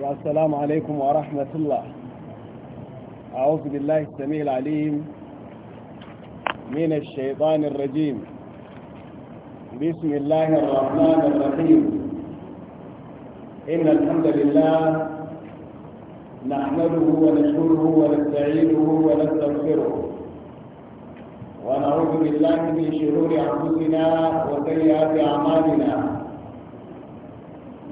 والسلام عليكم ورحمة الله أعوذ بالله السميع العليم من الشيطان الرجيم بسم الله الرحمن الرحيم إن الحمد لله نحمده ونشكره ونستعينه ونستغفره ونعوذ بالله من شرور أنفسنا وسيئات أعمالنا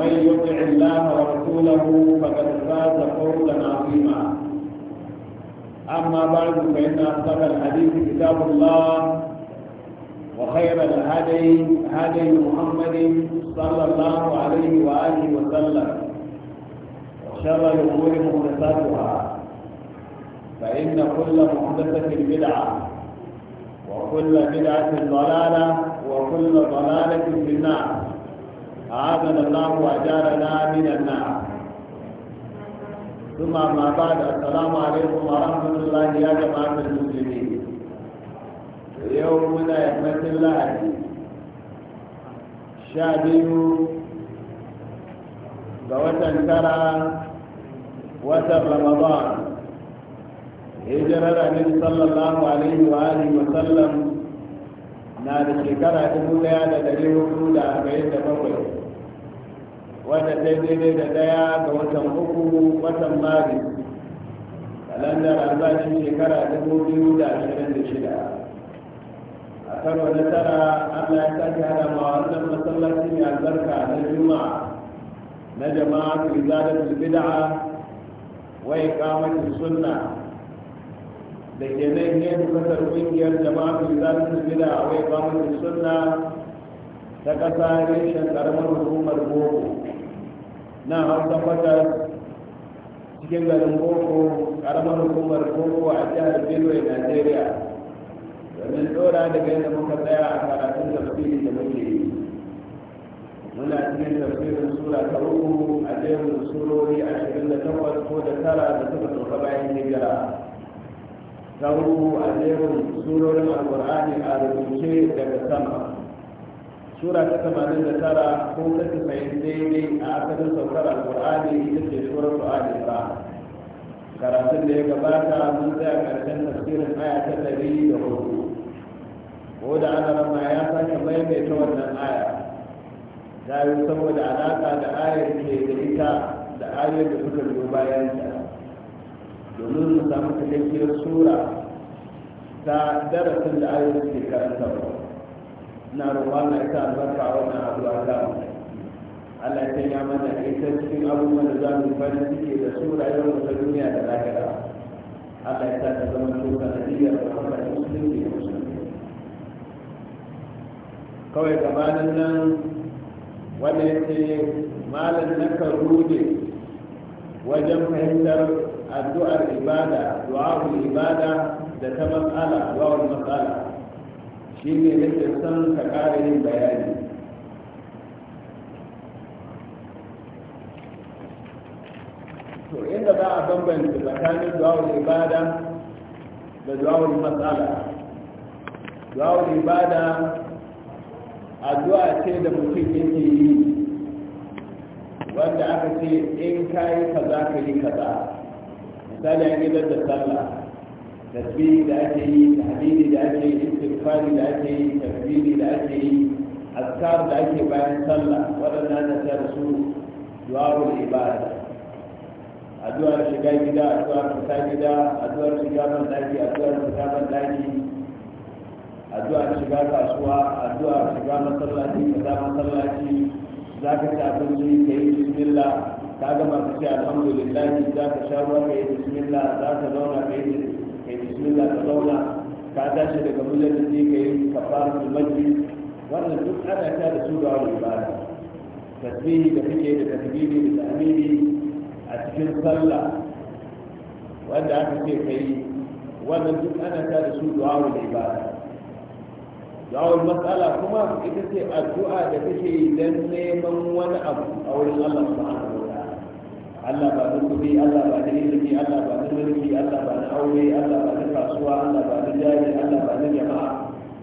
ومن يطع الله ورسوله فقد فاز فوزا عظيما اما بعد فان اصدق الحديث كتاب الله وخير الهدي هدي محمد صلى الله عليه واله وسلم وشر الامور محدثاتها فان كل محدثه بدعه وكل بدعه ضلاله وكل ضلاله في النار هذا الله وأجارنا من النار ثم ما بعد السلام عليكم ورحمة الله يا جماعة المسلمين يوم يحمد الله شابه فوتن ترى وتر رمضان hijirar annabi صلى الله عليه وآله وسلم نادي na da shekara دليل daya da dari hudu da wadda ta daidai da daya ga watan uku watan mari kalandar albashin shekara dubu biyu da ashirin da shida a karo na tara allah ya sake hada ma wannan masallaci mai albarka na juma'a na jama'a izalatul bid'a wai iqamatus sunna da ke nan ne kasar kungiyar jama'a izalatul bid'a wai iqamatus sunna ta ƙasa reshen ƙaramar hukumar boko na hausa fata cikin garin boko ƙaramar hukumar boko a jihar benue nigeria domin da daga yadda muka tsaya a karatun tafsiri da muke yi muna cikin tafsirin sura ta uku a jerin surori ashirin da takwas ko da tara da suka tsoka bayan hijira ta uku a jerin surorin alkur'ani a rubuce daga sama sura ta tamanin da tara ko ta mai daidai a asalin saukar alkur'ani ita ce sura su alifa karatun da ya gabata mun tsaya karshen tafsirin aya ta dari da hudu ko da ana rama ya sake maimaita wannan aya ta yi saboda alaƙa da ayar ke da ita da ayar da suka zo bayan ta domin mu samu cikakkiyar sura ta darasin da ayar ke karantarwa na roƙon na ita albarka a wannan abuwa ta Allah ya tanya mana ita cikin abubuwan da za mu fara cike da su rayuwar mu ta duniya da lahira Allah ya sa ta zama na sanadiyar da kuma musulmi da musulmi kawai gabanin nan wanda ya ce malam na karude wajen fahimtar addu'ar ibada du'a'ul ibada da ta matsala du'a'ul matsala shi ne nake san ka ƙara yin bayani to inda za a bambanta tsakanin duwawar ibada da duwawar matsala duwawar ibada addu'a ce da mutum yake yi wanda aka ce in kayi kaza ka yi kaza misali an gidan da sallah تسبيل لأجله تحديد لأجله استغفار لأجله تكبير لأجله أذكار لأجله بعد صلى ولا نادت يا رسول دعاء العبادة أدعو على شقاي بدا أدعو على شقاي بدا أدعو على شقاي بدا أدعو على شقاي بدا أدعو على شقاي بدا أدعو على شقاي بدا أدعو على شقاي بدا أدعو zaka ci abinci ka yi bismillah ka gama ka ce alhamdulillah zaka sha ruwa ka yi bismillah zaka zauna ka yi bismillah bismillah ka zauna ka tashi daga mujallaji ka yi kafaratul majlis wannan duk ana ta da su ga wani ibada tasbihi da kake da takbiri da tahmidi a cikin sallah wanda aka ce kai wannan duk ana ta da su du'a wal ibada da'awar matsala kuma ita ce addu'a da kake yi don neman wani abu a wurin Allah subhanahu Allah ba na kuɗi Allah ba na ilimi Allah ba na mulki Allah ba na aure Allah ba na kasuwa Allah ba na jari Allah ba na jama'a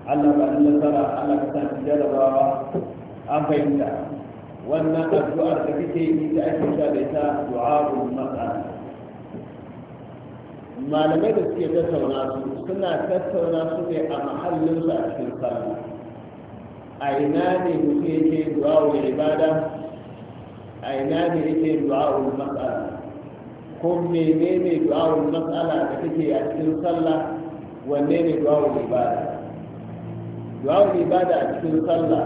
Allah ba na nasara Allah ka san jarabawa an fahimta wannan addu'ar da kake yi da ake sha da ita du'a'ul mas'ala malamai da suke tattauna su suna tattauna su ne a mahallin su a cikin sallah a ina ne mutum yake du'a'ul ibada a ina ne yake du'a'ul mas'ala ko menene du'a'ul mas'ala da kake a cikin sallah wanne ne du'a'ul ibada du'a'ul ibada a cikin sallah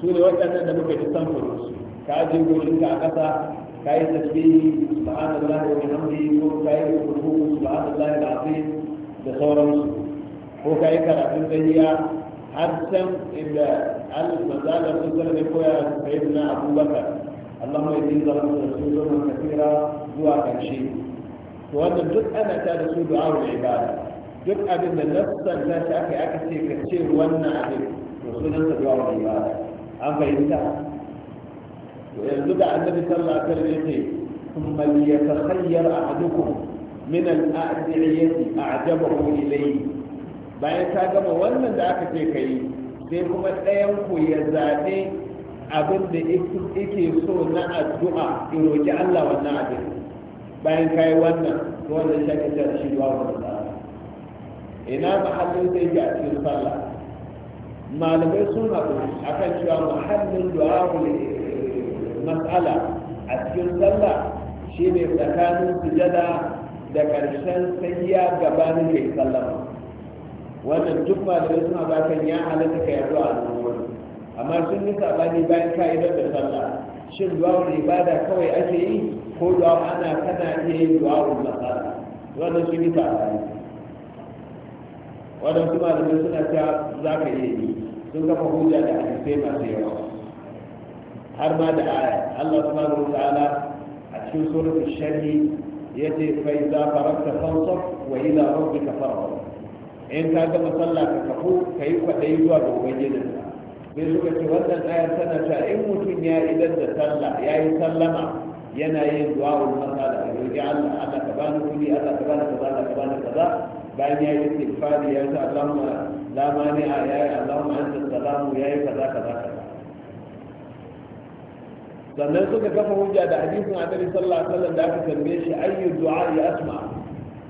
su ne waɗannan da muka ji samfur su ka je gurin ka a ƙasa ka yi tasbihi subhanallahi wa bihamdihi ko ka yi rubutu subhanallahi alazim da sauransu ko ka yi karatun tahiyya har can inda an manzana sun sanar da koya sayi na abubakar allah mai jin zama da su zama kafira zuwa karshe to wannan duk ana ta da su du'a da ibada duk abin da nassan ta shi aka aka ce ka ce wannan abin to sunan sa du'a da ibada an fahimta to yanzu da annabi sallallahu alaihi wasallam yace kuma liyatakhayyar ahadukum min al-a'diyati a'jabahu ilayhi bayan ta gama wannan da aka ce ka yi sai kuma ɗayan ku ya zaɓe abin da yake so na addu'a in roƙi Allah wannan abin bayan ka yi wannan to wannan shaka ta shi ba ina mahallin cikin sallah malamai sun haɗu akan cewa muhallin du'a mas'ala a cikin sallah shine tsakanin sujada da ƙarshen sayya gabanin mai sallama wannan duk malamai suna ba kan ya halatta ka yazo a al'umma amma sun yi sabani bayan ka'idar da sallah shin duwawar ibada kawai ake yi ko duwawa ana kana iya yin duwawar masala wannan sun yi sabani waɗansu malamai suna ta za ka iya yi sun kafa hujja da hadisai masu yawa har ma da aya Allah subhanahu wa ta'ala a cikin suratul sharhi yace fa idza farakta fansab wa ila rabbika farghab in ka gama sallah ka kafu ka yi kwaɗayi zuwa ga ubangijin sai suka ce wannan ayar tana cewa in mutum ya idan da sallah ya yi sallama yana yin wani masala ya roƙi Allah Allah ka bani kuɗi Allah ka bani kaza Allah ka bani kaza bayan ya yi istighfari ya ce Allahumma la mani'a ya yi Allahumma anta salamu ya yi kaza kaza kaza sannan suka kafa hujja da hadisin annabi sallallahu alaihi wasallam da aka tambaye shi ayyu du'a ya asma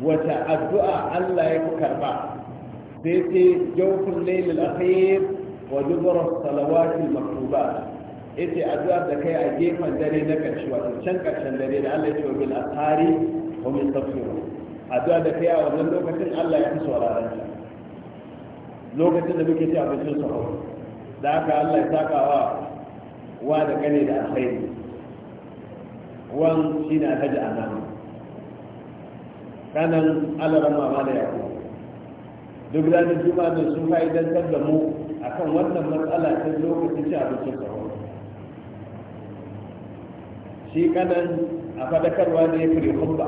wata addu'a Allah ya karba بيتي جوف الليل الأخير ودبر الصلوات المكتوبات إتي أدوار دكي أجيب من داري نكش وتشنك عشان داري لعل يتوى بالأطهاري هم يستغفرون أدوار دكي أولا لوكة الله يحسوا على رجل لوكة نبكي تعبسوا صحور ذاك الله يتاكا وهذا كان إلى الخير وان شين أهجأ أمامه kanan alarama ma da yaku duk ranar juma da sun fa'idantar da mu a kan wannan matsala ta lokacin ci abincin sahur shi kanan a fadakarwa ne fure hubba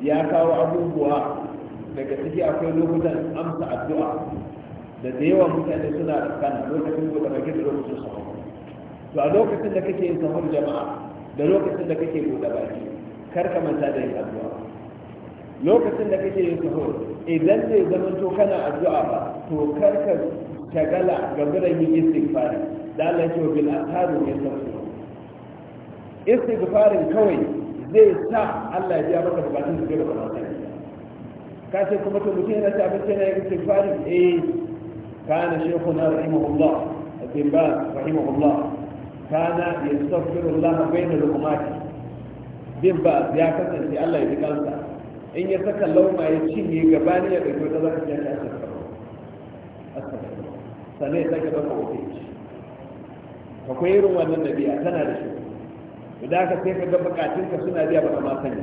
ya kawo abubuwa daga ciki akwai lokutan amsa addu'a da da yawan mutane suna da kana lokacin da kake da lokacin sahur to a lokacin da kake yin sahur jama'a da lokacin da kake buɗe baki kar ka manta da yin addu'a lokacin da kake yin suhur idan zai zama to kana addu'a ba to kar ka shagala ga biran yin istighfari da Allah ya bil atharu ya sarfu istighfarin kawai zai sa Allah ya biya maka bukatun da kake da ka ce kuma to mutum yana ta bace na istighfari eh kana shaykhuna rahimahullah ibn baz rahimahullah kana yastaghfiru Allah bayna luqmati bin ba ya kasance Allah ya ji kansa in ya saka lauma ya cinye gabani ya ɗauki wata zaka ce ta asirka sannan ya sake ɗauka wata ya ci akwai irin wannan ɗabi'a tana da shi da aka sai ka ga bukatunka suna biya ba ma sani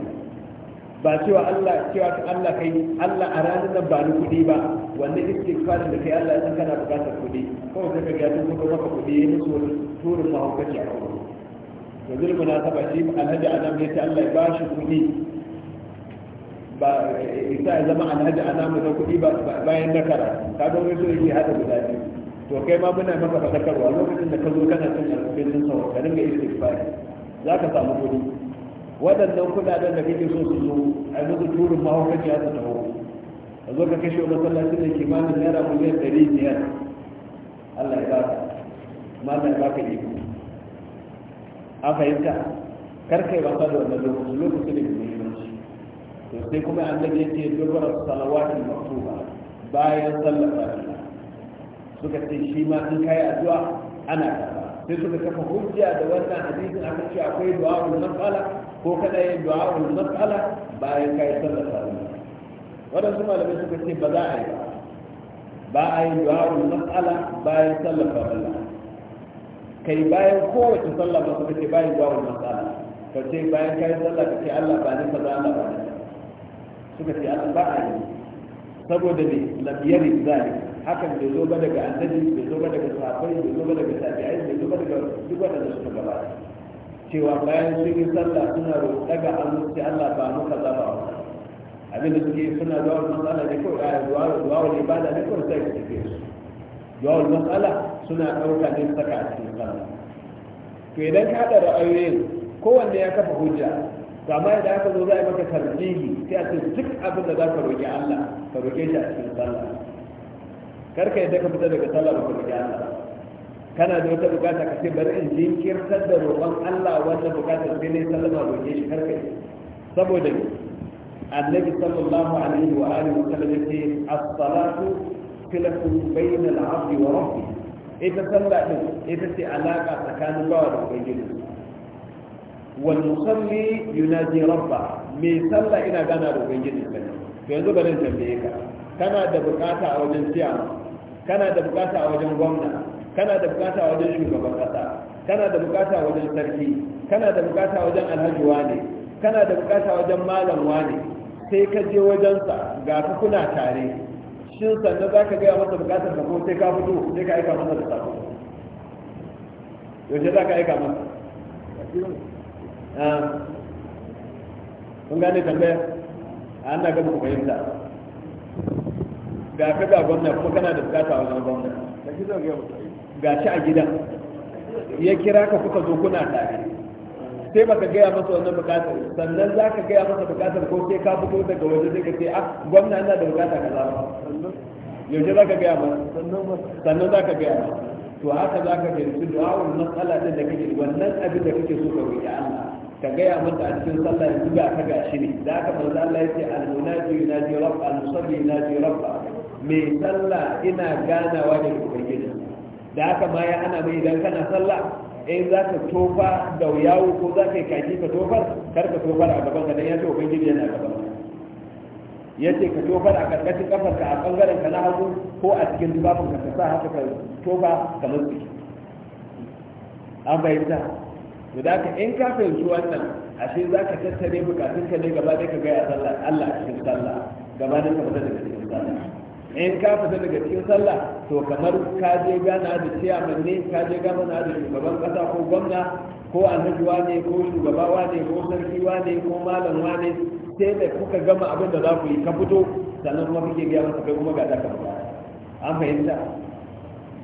ba cewa Allah cewa ka Allah kai Allah a ranar nan ba ni kuɗi ba wannan istighfarin da kai Allah in kana bukatar kuɗi kawai sai ka ga tun kuma maka kuɗi ya musu wani turin mahaukaci a kuma to zulmu na saba shi alhaji adam ya ce Allah ya bashi kuɗi ba isa ya zama alhaji a namu na kuɗi bayan na kara ka ga wani so yake haɗa guda biyu to kai ma muna maka fadakarwa lokacin da ka zo kana cin alfafin sauwa ka dinga istighfari za ka samu kuɗi waɗannan kuɗaɗen da kake so su zo a musu turin mahaukaci ya su taho a zo ka kashe masallacin da kimanin naira miliyan ɗari biyar allah ya baka ma ya baka iko a fahimta kar kai wasa da wannan lokacin lokacin da ke muhimmanci to sai kuma annabi ya ce dubara salawatin maktuba bayan sallar fatiha suka ce shi ma in kai addu'a ana karba sai suka kafa hujja da wannan hadisin aka ce akwai du'a'ul mas'ala ko kada yin du'a'ul mas'ala bayan kai sallar fatiha wadansu malamai suka ce ba za a yi ba ba a yi du'a'ul mas'ala bayan sallar fatiha kai bayan kowace sallah ba suka ce bayan du'a'ul mas'ala ka ce bayan kai sallah ka ce Allah ba ni kaza Allah ba ni suka ce an ba a yi saboda ne lafiyar zai hakan bai zo ba daga annabi bai zo ba daga sahabbai bai zo ba daga tabi'ai bai zo ba daga duk wanda suka gaba cewa bayan sun yi sallah suna daga hannu sai Allah ba mu kaza ba abin da suke suna zuwa matsala ne kawai a zuwa zuwa wani ibada ne kawai sai su ce zuwa wani matsala suna ɗauka ne saka a cikin sallah to idan ka haɗa ra'ayoyin kowanne ya kafa hujja to amma idan aka zo za a maka tarjihi sai a ce duk abin da za ka roƙi Allah ka roƙe shi a cikin sallah kar ka yadda ka fita daga sallah ba ka roƙi Allah kana da wata bukata ka ce bari in jinkirtar da roƙon Allah wannan bukatar sai ne sallama roƙe shi kar ka yi saboda annabi sallallahu alaihi wa alihi wa sallam yace as-salatu khilafu bayna al-'abdi wa rabbih ita sallah din ita ce alaka tsakanin bawa da ubangiji wal musalli yunaji rabba mai sallah ina gana da ubangiji sai to yanzu bari tambaye ka kana da bukata a wajen siyama kana da bukata a wajen gwamna kana da bukata a wajen shugaban kasa kana da bukata a wajen sarki kana da bukata a wajen alhaji wane kana da bukata a wajen malam wane sai ka je wajensa ga ka kuna tare shin sannan za ka gaya masa bukatar ka ko sai ka fito sai ka aika masa da sako yaushe za ka aika masa sun ehm, gane tambayar ah, a an ga fahimta ga kaga gwamna kuma kana da bukata wajen gwamna ga shi a gidan ya kira ka kuka zo kuna tare sai baka gaya masa wannan bukatar sannan za ka gaya masa bukatar ko sai ka fito daga waje sai ka ce a ah, gwamna ana da bukata ka zama yaushe za ka gaya masa sannan za ka gaya masa to haka za ka gaya du'a'ul matsala da wannan abin da kake so ka roƙi Allah ka gaya mata a cikin sallah ya buga ka gashi ne da aka manzo Allah yace al-munaji yunaji rabba al-musalli yunaji rabba me sallah ina ganawa da ubangiji da aka ma ya ana mai idan kana sallah in za ka tofa da yawo ko za ka yi kaki ka tofar kar ka tofar a gaban ka dan ya ce ubangiji yana gaban ka yace ka tofar a karkashin kafar ka a bangaren ka na hagu ko a cikin tufafin ka ka sa haka ka tofa kamar su an bayyana to da in ka fahimci wannan ashe za ka tattare bukatun ka ne gaba da ka gaya sallah Allah a cikin sallah gaba da ka fita daga cikin sallah in ka fita daga cikin sallah to kamar ka je gana da ciyaman ne ka je gana da shugaban kasa ko gwamna ko annabi wane ko shugaba wane ko sarki wane ko malam wane sai da kuka gama abin da za ku yi ka fito sannan kuma kuke gaya masa kai kuma ga ta ba. an fahimta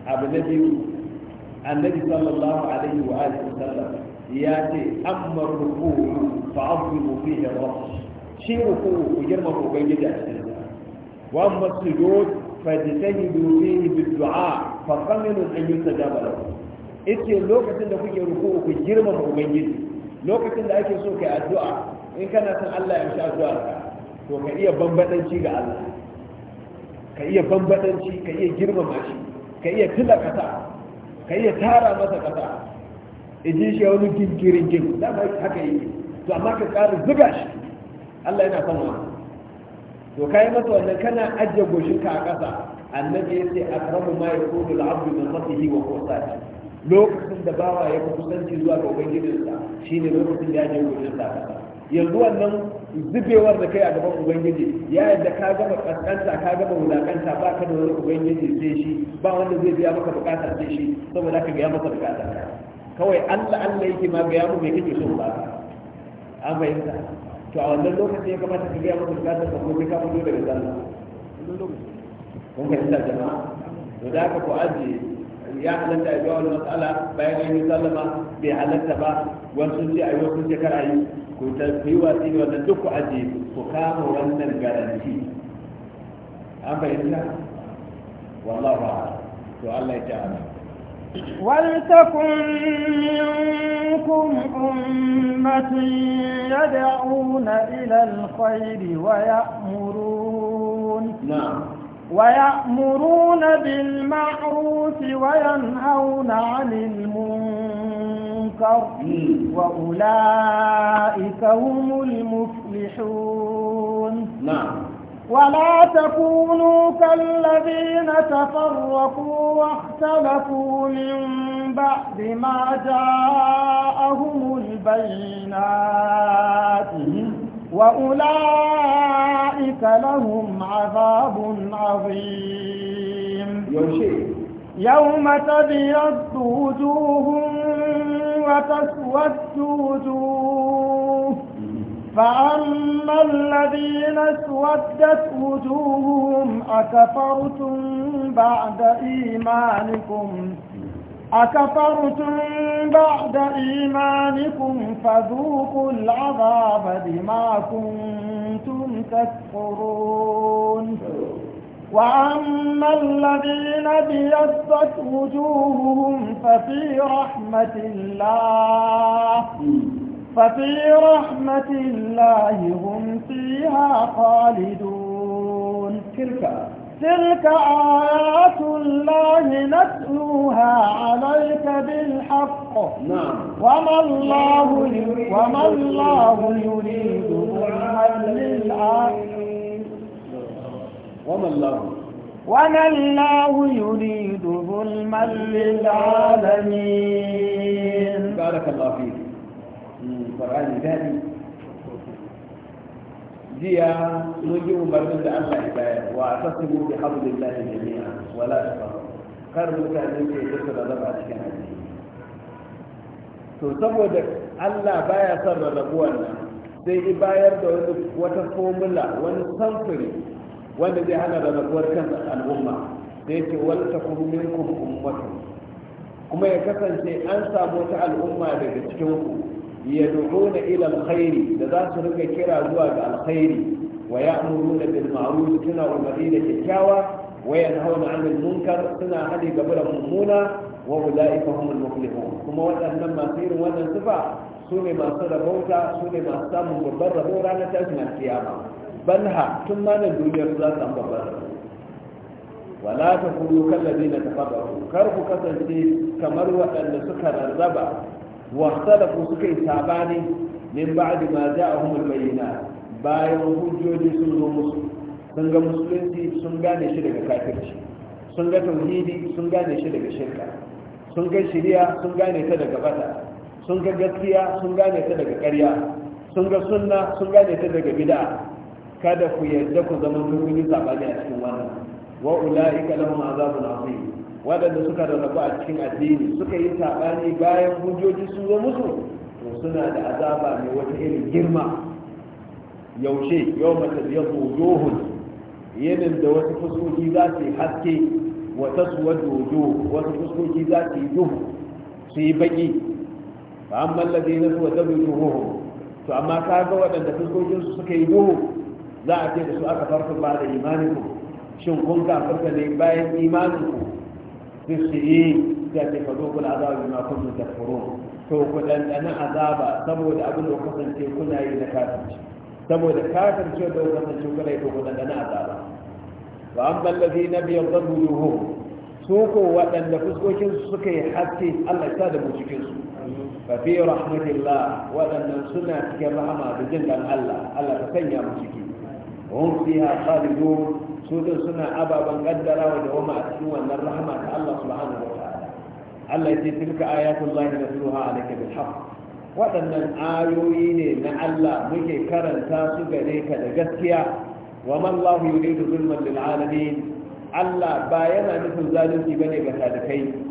abu na biyu annabi sallallahu alaihi wa alihi sallam ya ce amma ruku'u fa azimu da rabb shi ruku'u ku girma ubangiji a cikin wa masu sujud fa tajtahidu fihi bid du'a fa qaminu an yustajaba lahu yace lokacin da kuke ruku'u ku girma ubangiji lokacin da ake so kai addu'a in kana san Allah ya sha addu'a ka to ka iya bambadanci ga Allah ka iya bambadanci ka iya girmama shi ka iya tilaka ka iya tara masa kasa ji shi wani ginkirin gin da ba haka yi to amma ka ƙara zuga shi Allah yana son wani to kai masa wannan kana ajiye goshinka a ƙasa annabi ya ce akramu ma yakunu al-abdu min nafsihi wa quwwatihi lokacin da bawa ya fi kusanci zuwa ga ubangijinsa shine lokacin da ya je goshinsa a ƙasa yanzu wannan zubewar da kai a gaban ubangiji ya yadda ka gama kaskanta ka gama wulakanta ba ka da wani ubangiji sai shi ba wanda zai biya maka bukatar sai shi saboda ka biya maka bukata kawai Allah Allah yake ma gaya mu me kake so ba an fahimta to a wannan lokacin ya kamata ka gaya mu bukatar ka gobe ka fito daga sallah kun fahimta jama'a to da ka ko aji ya halatta a jawar matsala bayan an yi sallama bai halatta ba wasu ce a yi wasu shekara yi ku ta yi watsi ne wannan duk ku aji ku kama wannan garanti an fahimta wallahu a'lam to Allah ya ta'ala ولتكن منكم أمة يدعون إلى الخير ويأمرون نعم ويأمرون بالمعروف وينهون عن المنكر وأولئك هم المفلحون نعم ولا تكونوا كالذين تفرقوا واختلفوا من بعد ما جاءهم البينات وأولئك لهم عذاب عظيم يوم تبيض وجوه وتسود وجوه فأما الذين اسودت وجوههم أكفرتم بعد إيمانكم أكفرتم بعد إيمانكم فذوقوا العذاب بما كنتم تكفرون وأما الذين بيضت وجوههم ففي رحمة الله ففي رحمة الله هم فيها خالدون تلك تلك آيات الله نتلوها عليك بالحق نعم وما الله وما الله يريد ظلما للعالمين وما الله وما الله يريد ظلما للعالمين بارك الله فيك alkur'ani daɗi jiya mun yi umarnin da allah ya bayar wa a tasiru bi hablillahi jami'a wala tafaru kar mutane ke duka da a cikin addini to saboda allah baya son rarrabuwan nan sai i bayar da wata formula wani samfuri wanda zai hana rarrabuwar kan al'umma sai ce wani takum minkum ummatun kuma ya kasance an samu wata al'umma daga cikin ku yad'una ila alkhairi da za su rika kira zuwa ga alkhairi wa ya'muruna bil ma'ruf suna umarni da kyakkyawa wa yanhauna 'anil munkar suna hadi gabara mummuna wa ulaika humul muflihun kuma waɗannan masu irin wannan sifa su ne masu rabauta su ne masu samun babban rabo ranar tashin alkiyama balha tun ma nan duniyar za su wala ta kar ku kasance kamar waɗanda suka rarraba واختلفوا سكي ساباني من بعد ما جاءهم البينات bayan hujjoji sun zo musu sun ga musulunci sun gane shi daga kafirci sun ga tauhidi sun gane shi daga shirka sun ga shiriya sun gane ta daga bata sun ga gaskiya sun gane ta daga ƙarya sun ga sunna sun gane ta daga bid'a kada ku yarda ku zama kun yi sabani a cikin wannan wa ulaika lahum azabun azim waɗanda suka rarrabu a cikin addini suka yi saɓani bayan hujjoji sun zo musu to suna da azaba mai wata irin girma yaushe yau mata da yabo yinin da wasu fuskoki za su yi haske wata suwa dojo wasu fuskoki za su yi duhu su yi baƙi ba an mallabe na suwa zabi duhu to amma ka ga waɗanda fuskokinsu suka yi duhu za a ce da su aka farfa ba da imaninku shin kun farfa ne bayan imaninku duk su yi sai ce fa zuku al'azaba bima kuntum takfurun to ku dandana azaba saboda abin da kasance kuna yi na kafirci saboda kafirci da kasance kuna yi to ku dandana azaba wa amma alladhina biyadhu wujuhum su ko waɗanda fuskokin su suka yi haske Allah ya da mu cikin su fa fi rahmatillah waɗannan suna cikin rahama da jin dan Allah Allah ka sanya mu ciki hum fiha khalidun su din suna ababan kaddarawa da wama a cikin wannan rahama ta Allah subhanahu wa ta'ala Allah ya ce tilka ayatul lahi nasruha alayka bil haqq waɗannan ayoyi ne na Allah muke karanta su gare ka da gaskiya wa man Allah yuridu zulman lil alamin Allah ba yana nufin zalunci bane ga sadakai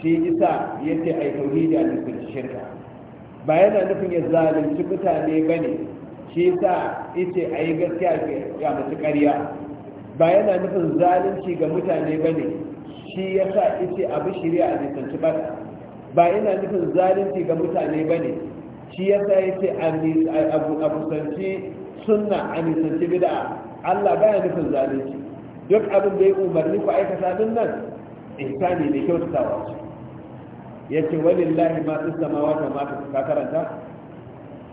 shi isa yace ai tauhidi a nufin shirka ba yana nufin ya zalunci mutane bane shi ita a ayi gaskiya ga mutu ƙarya ba yana nufin zalunci ga mutane ba ne. shi ya sa ita abu shirya a nisanci ba. ba yana nufin zalunci ga mutane ba ne. shi ya sa ita a sanci suna a nisanci bid'a Allah ya nufin zalunci duk abin da ya umarni ku aikata din nan ihsani ne kyautatawa ce Wani walillahi ma fis samawati ma fis karanta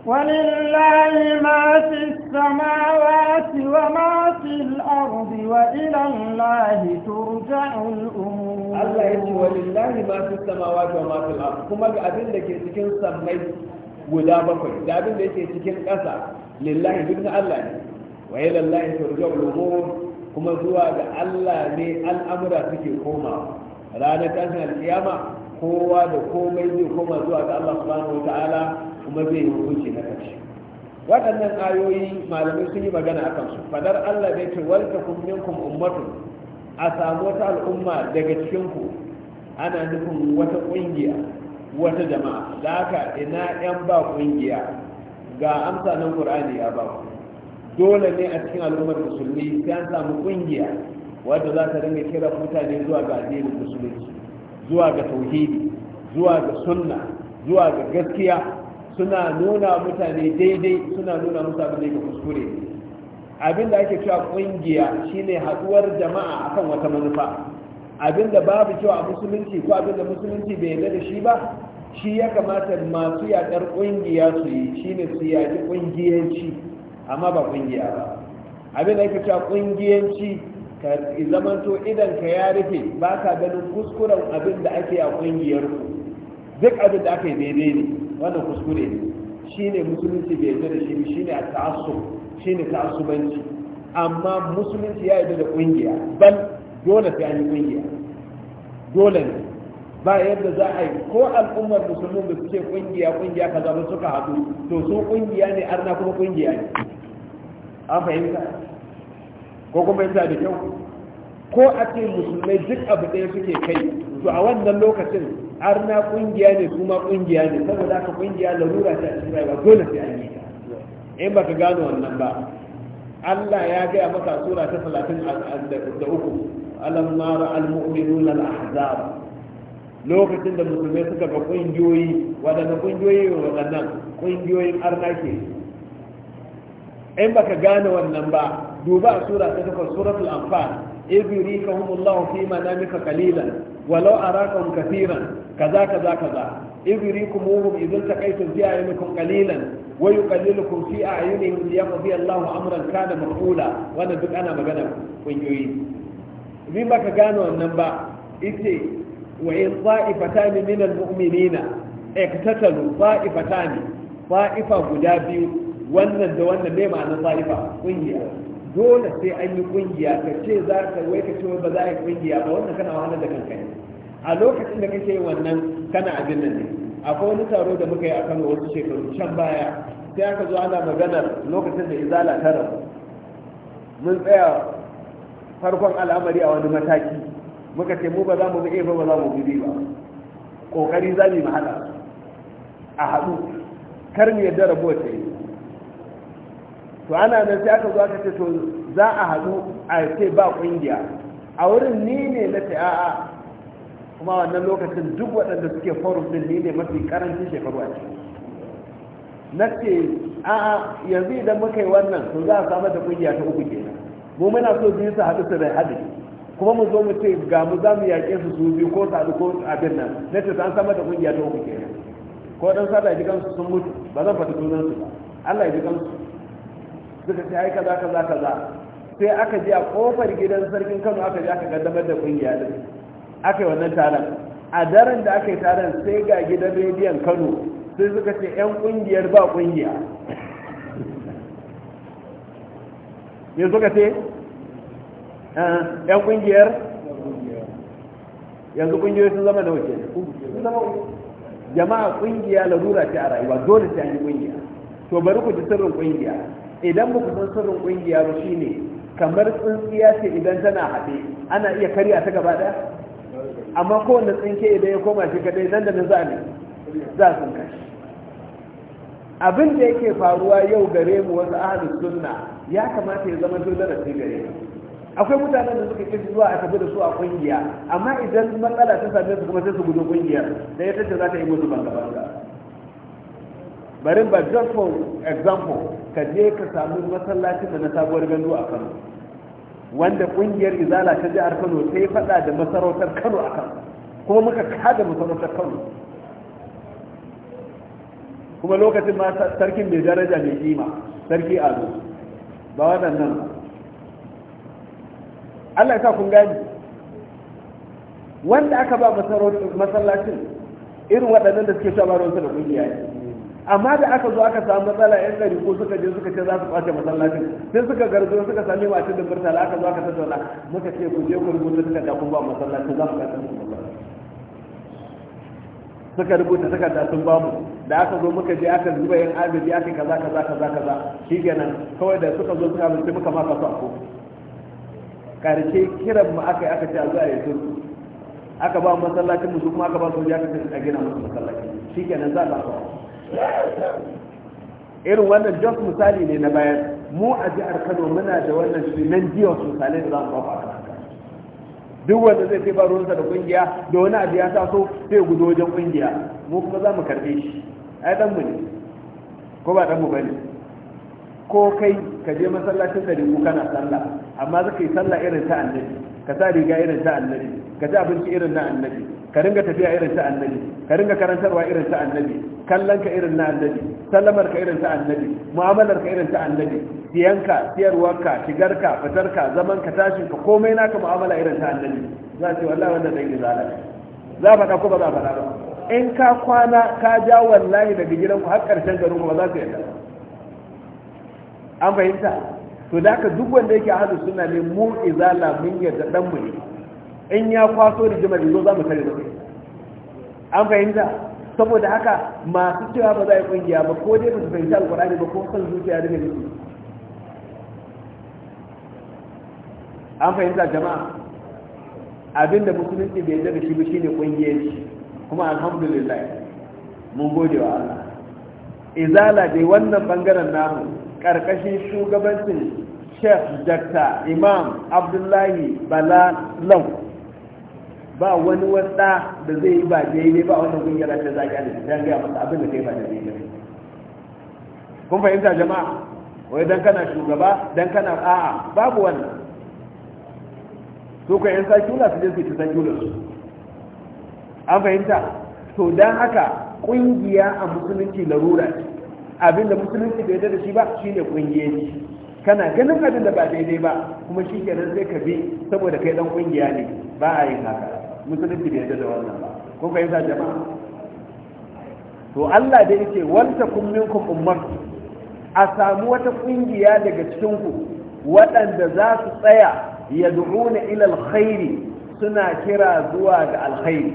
ولله ما في السماوات وما في الأرض وإلى الله ترجع الأمور الله يجي ولله ما في السماوات وما في الأرض كما قابل لك يتكين سمي ودا بكر قابل لك يتكين قصة لله بإذن الله وإلى الله ترجع الأمور كما زوا الله لي الأمر فيك كوما رانا تنهى القيامة kowa da komai zai koma zuwa ga Allah subhanahu wa ta'ala kuma zai yi hukunci na ƙarshe waɗannan ayoyi malamai sun yi magana a kansu fadar allah bai ce walta kun kuma ummatun a samu wata al'umma daga cikinku ana nufin wata ƙungiya wata jama'a da haka ina 'yan ba ƙungiya ga amsa nan ƙur'ani ya ba dole ne a cikin al'ummar musulmi sai an samu ƙungiya wadda za ta dinga kira mutane zuwa ga addinin musulunci zuwa ga tauhidi zuwa ga sunna zuwa ga gaskiya suna nuna mutane daidai suna nuna musu abin da ke kuskure abin da ake cewa kungiya shine haduwar jama'a akan wata manufa abin da babu cewa a musulunci ko abin da musulunci bai yarda da shi ba shi ya kamata masu yaƙar kungiya su yi shine su yaƙi kungiyanci amma ba kungiya ba abin da ake cewa kungiyanci ka zamanto idan ka ya rufe ba ka ganin kuskuren abin da ake a kungiyar duk abin da aka yi daidai ne wannan kuskure ne shine musulunci bai yarda da shi shine ta'assub shine ta'assubanci amma musulunci ya yarda da kungiya bal dole sai an yi kungiya dole ne ba yadda za a yi ko al'ummar musulmin da suke kungiya kungiya kaza ba suka haɗu to su kungiya ne arna kuma kungiya ne an fahimta ko kuma yadda da kyau ko a ce musulmai duk abu ɗaya suke kai to a wannan lokacin har na kungiya ne kuma kungiya ne saboda haka kungiya larura ta cikin rayuwa dole sai an yi ta in baka gano wannan ba Allah ya ga maka sura ta 33 alam ma ra al-ahzab al lokacin da musulmai suka ga kungiyoyi wadannan kungiyoyi wadannan kungiyoyin arna ke in baka gane wannan ba duba sura ta 8 suratul anfal idh yurikahumullahu fi manamika qalilan walau arakum kathiran kaza kaza kaza ku idh yurikumuhum idh iltaqaytum fi ayyunikum qalilan wa yuqallilukum fi a'yunihim liyaqdi Allahu amran kana maf'ula wannan duk ana magana kungiyoyi idan baka gano wannan ba ite wa in ta'ifatani min al-mu'minina iktatalu ta'ifatani ta'ifa guda biyu wannan da wannan ne ma'anar ta'ifa kungiya dole sai an yi kungiya ka ce za ka wai ka ce ba za a yi kungiya ba wannan kana wahalar da kanka ne a lokacin da kake wannan kana abin nan ne akwai wani taro da muka yi a Kano wasu shekaru can baya sai aka zo ana maganar lokacin da izala ta rabu mun tsaya farkon al'amari a wani mataki muka ce mu ba za mu bi ba ba za mu bi ba kokari za mu yi mahala a haɗu kar mu yadda rabuwa ta yi to ana nan sai aka zo aka ce to za a haɗu a ce ba ƙungiya a wurin ni ne na ce a'a kuma wannan lokacin duk waɗanda suke forum din ni ne mafi karancin shekaru a ce. na ce a'a yanzu idan muka yi wannan to za a samar da ƙungiya ta uku kenan mu muna so biyu su haɗu su da haɗu kuma mu zo mu ce ga mu za mu yaƙe su su biyu ko su haɗu ko abin nan na ce an samar da ƙungiya ta uku kenan ko ɗan sada kansu sun mutu ba zan fata sunansu ba Allah ya ji kansu suka ce ka kaza kaza kaza sai aka je a kofar gidan sarkin Kano aka je aka kaddamar da kungiya din aka yi wannan taron a daren da aka yi taron sai ga gidan rediyon Kano sai suka ce yan kungiyar ba kungiya ya suka ce eh, yan kungiyar yanzu kungiyoyi sun zama da wuce jama'a kungiya larura ce a rayuwa dole sai an yi kungiya to bari ku ji sirrin kungiya idan ba ku san sirrin kungiya ba ne, kamar tsintsiya ce idan tana haɗe ana iya karya ta gaba ɗaya amma kowanne tsinke idan ya koma shi kadai nan da nan za ne za su kashi abin da yake faruwa yau gare mu wasu ahalus sunna ya kamata ya zama dole da gare akwai mutanen da suka kishi zuwa a tafi da su a kungiya amma idan matsala ta same su kuma sai su gudu kungiya da ya tace za ta yi musu banga banga bari ba just for example ka je ka samu masallacin da na sabuwar gandu a kano wanda kungiyar izala ta jihar kano ta yi fada da masarautar kano a kano kuma muka kada masarautar kano kuma lokacin ma sarkin mai daraja mai kima sarki ado ba waɗannan allah ya sa kun gani wanda aka ba masallacin irin waɗannan da suke shabarar da kungiya ne amma da aka zo aka samu matsala yan gari ko suka je suka ce za su kwace masallacin sai suka garzo suka sami wacin da birtala aka zo aka tattauna muka ce ku je ku rubuta suka da kun ba masallacin za mu kwace masallacin suka rubuta da sun mu da aka zo muka je aka zuba yan agaji aka kaza kaza kaza kaza shi shikenan kawai da suka zo suka amince muka ma kasu su ko karshe kiran mu aka aka ce a zuwa ya turu aka ba masallacin mu su kuma aka ba su soja aka ce a gina musu masallaci shikenan za ka kawo irin wannan jos misali ne na bayan mu a jihar kano muna da wannan shirin jiyon misali da za mu kafa a duk wanda zai fi da kungiya da wani abu ya taso sai gudu wajen kungiya mu kuma za mu karbe shi ai dan mu ne ko ba dan mu bane ko kai ka je masallacin da ku kana sallah amma zaka yi sallah irin ta annabi ka sa riga irin ta annabi ka ci abinci irin na annabi ka ringa tafiya irin ta annabi ka ringa karantarwa irin ta annabi kallon ka irin na annabi sallamar ka irin ta annabi mu'amalar ka irin ta annabi siyanka ka, fitar ka, zaman ka tashin ka komai naka mu'amala irin ta annabi za a ce wallahi wannan dai izala za a ka ko ba za ka faɗa ba in ka kwana ka ja wallahi daga gidanku har ƙarshen garin ku ba za su yarda an fahimta to da aka duk wanda yake ahlus sunna ne mu izala mun yadda dan mu ne in ya kwaso rigimar zo za mu kare su an fahimta saboda haka masu cewa ba za a yi kungiya ba ko dai ba su fahimci alkurani ba ko kan zuciya da ne an fahimta jama'a abinda musulunci bai yarda da shi ba shine shi kuma alhamdulillah mun gode wa Allah izala dai wannan bangaren namu karkashin shugabancin sheikh Dr. imam abdullahi bala lau ba wani wata da zai yi ba daidai ba wannan kungiyar ta zaki da dan ga masa abin da kai ba da daidai kun fahimta jama'a wai dan kana shugaba dan kana a'a babu wannan to kai in sai kula su je su ci sakula su an fahimta to dan haka kungiya a musulunci larura abinda musulunci bai da shi ba shine kungiyanci kana ganin abin da ba daidai ba kuma shi kenan sai ka bi saboda kai dan kungiya ne ba a yin haka musulunci bai yarda da wannan ba ko kai sa jama'a to Allah da yake wanta kun minkum ummatu a samu wata kungiya daga cikin ku waɗanda za su tsaya ya yad'una ila alkhairi suna kira zuwa ga alkhairi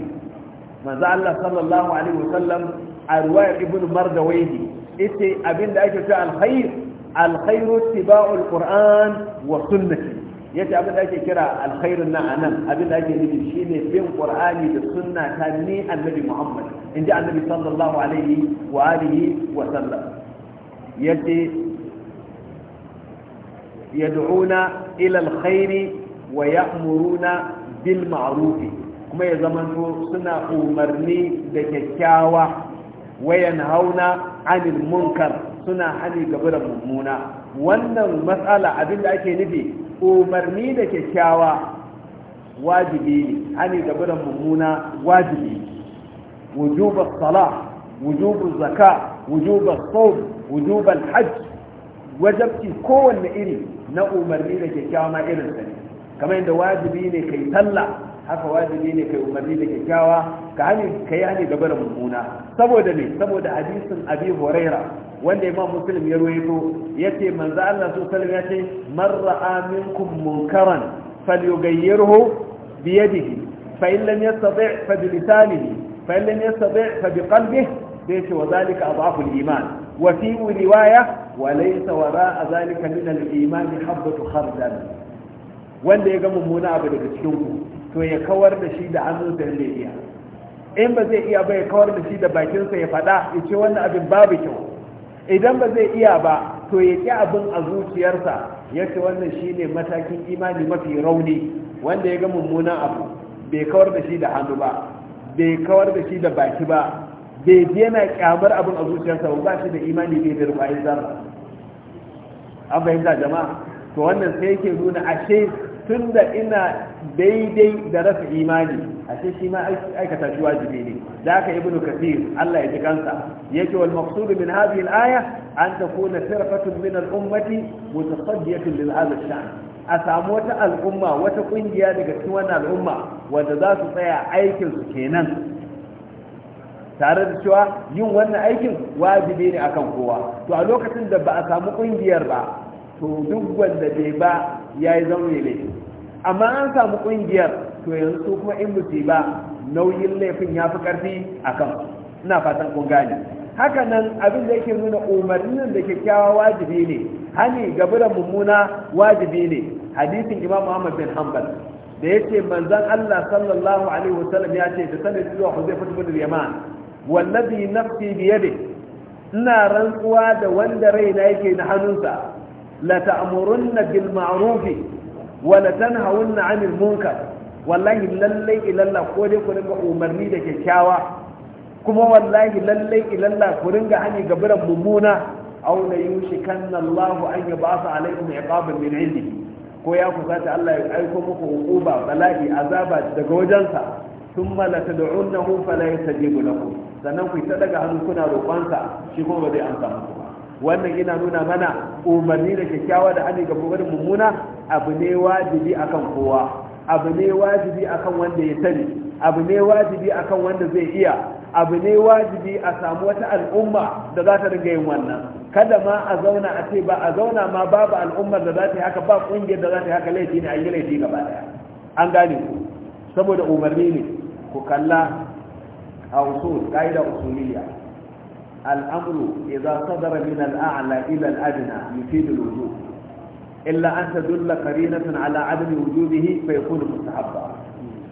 manzo Allah sallallahu alaihi wasallam a riwayar ibnu mardawayi ita da ake cewa alkhairi alkhairu tiba'ul qur'an wa sunnati yace abin da ake kira alkhairun na anan abin da ake nufi shine bin qur'ani da sunna ta ni annabi muhammad inji annabi sallallahu alaihi wa alihi wa sallam yace yad'una ila alkhairi wa ya'muruna bil ma'ruf kuma ya zamanto suna umarni da kyakkyawa wayan hauna anil munkar suna hali gaba da mummuna wannan matsala abinda ake nufi umarni da kyakkyawa wajibi ne hali gaba da mummuna wajibi wujubar sala wujubar zaka wujubar saum wujubar hajj wajabci kowanne iri na umarni da kyakkyawa ma irin sani ne kamar yadda wajibi ne kai talla haka wajibi ne kai umarni da kyakkyawa ka hani kai hani gaba da mummuna saboda ne saboda hadisin abi huraira wanda imam muslim ya ruwaito yace manzo Allah su sallam ya ce man ra'a minkum munkaran falyughayyirhu bi yadihi fa in lam yastati' fa bi lisanihi fa in lam yastati' fa bi qalbihi sai ce wa zalika adhafu al-iman wa fi riwaya wa laysa wara'a zalika min al-iman habatu khardal wanda ya ga mummuna abu daga cikin ku to ya kawar da shi da hannun da iya in ba zai iya ba ya kawar da shi da bakinsa ya faɗa ya ce wannan abin babu kyau idan ba zai iya ba to ya ƙi abin a zuciyarsa ya ce wannan shi ne matakin imani mafi rauni wanda ya ga mummunan abu bai kawar da shi da hannu ba bai kawar da shi da baki ba bai na kyamar abin a zuciyarsa ba shi da imani bai da kwayin zara an fahimta jama'a to wannan sai yake nuna ashe tun da ina daidai da rasa imani ce shi ma aikata shi wajibi ne da yi ibn kafir Allah ya ji kansa yake wal maqsud min hadhihi al aya an takuna firqatun min al ummati mutasaddiyatun lil hadha sha'n a samu wata al'umma wata kungiya daga cikin wannan al'umma wanda za su tsaya aikin su kenan tare da cewa yin wannan aikin wajibi ne akan kowa to a lokacin da ba a samu kungiyar ba to duk wanda bai ba yayi zaune ne amma an samu ƙungiyar to yanzu kuma in musiba nauyin laifin ya fi ƙarfi a kan ina fatan kun gane haka nan abin da yake nuna umarnin da kyakkyawa wajibi ne hani gaburan mummuna wajibi ne hadisin imam muhammad bin hanbal da ya ce manzan allah sallallahu alaihi wasallam ya ce da sanin zuwa da bin yaman wallazi nafsi biyade ina rantsuwa da wanda raina yake na hannunsa la ta'murunna bil ma'rufi wala tanhawunna 'anil munkar wallahi lallai ilalla ko dai ku ringa umarni da kyakkyawa kuma wallahi lallai ilalla ku ringa hani ga biran mummuna aw la yushikanna Allahu an yab'atha 'alaykum 'iqaban min 'indihi ko ya kusata Allah ya aiko muku hukuba bala'i azaba daga wajensa ثم لتدعونه فلا يستجيب لكم sannan ku ta daga hannu kuna roƙonsa shi kuma ba zai amsa muku ba wannan ina nuna mana umarni da kyakkyawa da hali ga gobe mummuna abu ne wajibi akan kowa abu ne wajibi akan wanda ya sani abu ne wajibi akan wanda zai iya abu ne wajibi a samu wata al'umma da za ta riga yin wannan kada ma a zauna a ce ba a zauna ma babu al'ummar da za ta yi haka ba kungiyar da za ta yi haka laifi ne a yi laifi gaba daya an gane ku saboda umarni ne ku kalla a usul ka'ida usuliya al'amru idza sadara min al'a'la ila al'adna yufidu al-wujub illa an tadulla qarinatan ala adami wujubihi fa yakunu mustahabba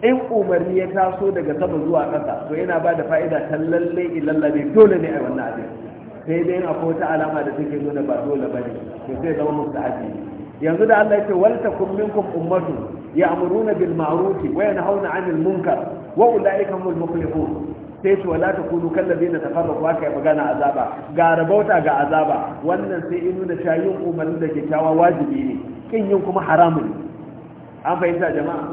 in umarni ya taso daga sama zuwa ƙasa to yana bada fa'ida ta lalle ilalla ne dole ne a wannan abin sai dai akwai wata alama da take nuna ba dole bane to sai zama mustahabi yanzu da Allah yake wal takum minkum ummatu ya'muruna bil ma'ruf wa yanhauna 'anil munkar wa ulaika humul muflihun sai ce wala ta kunu kallabi na tafarra aka yi magana azaba ga rabauta ga azaba wannan sai inu na cewa yin umarni da kyakkyawa wajibi ne kin yin kuma haramun ne an fahimta jama'a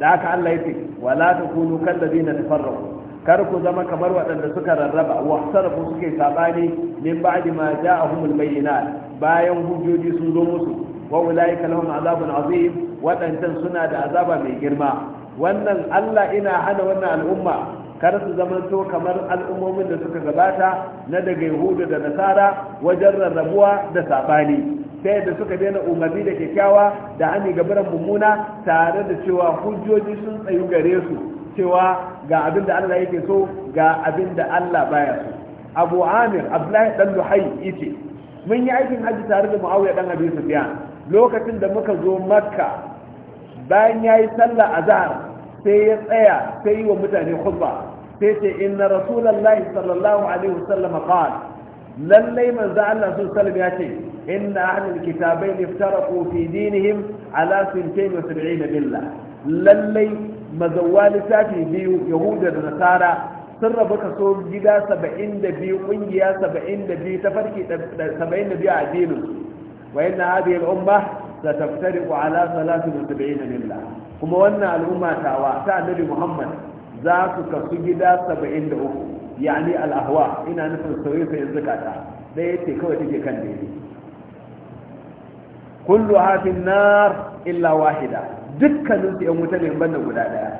da haka Allah ya ce wala ta kunu kallabi na tafarraku kar ku zama kamar waɗanda suka rarraba wa sarrafu suke sabani min ba'di ma ja'ahumul bayyinat bayan hujjoji sun zo musu wa ulai lahum azabun azim waɗancan suna da azaba mai girma wannan Allah ina hana wannan al'umma kar su zamanto kamar al'ummomin da suka gabata na daga yahuda da nasara wajen rarrabuwa da sabani sai da suka daina umarni da kyakkyawa da hani gabaran mummuna tare da cewa hujjoji sun tsayu gare su cewa ga abin da Allah yake so ga abin da Allah baya so abu amir abdullahi dan luhai yace mun yi aikin hajji tare da muawiya dan abi sufyan lokacin da muka zo makka bayan yayi sallah azhar sai ya tsaya sai yi wa mutane khutba sai ce inna rasulullahi sallallahu alaihi wasallam qala lallai manzo Allah sun sallam ya ce inna ahlul kitabai iftaraqu fi dinihim ala 72 billah lallai mazawali littafi biyu yahuda da nasara sun rabu kaso gida 72 kungiya 72 ta farki 72 a addinin wa inna hadhihi al-umma satafariqu ala 73 billah kuma wannan al'umma tawa ta annabi muhammad za su kasu gida saba'in da uku yani al'ahwa ina nufin sauye sauyin zukata ɗaya ce kawai take kan daidai kullu hafin nar illa wahida dukkanin su yan wuta ne ban da guda ɗaya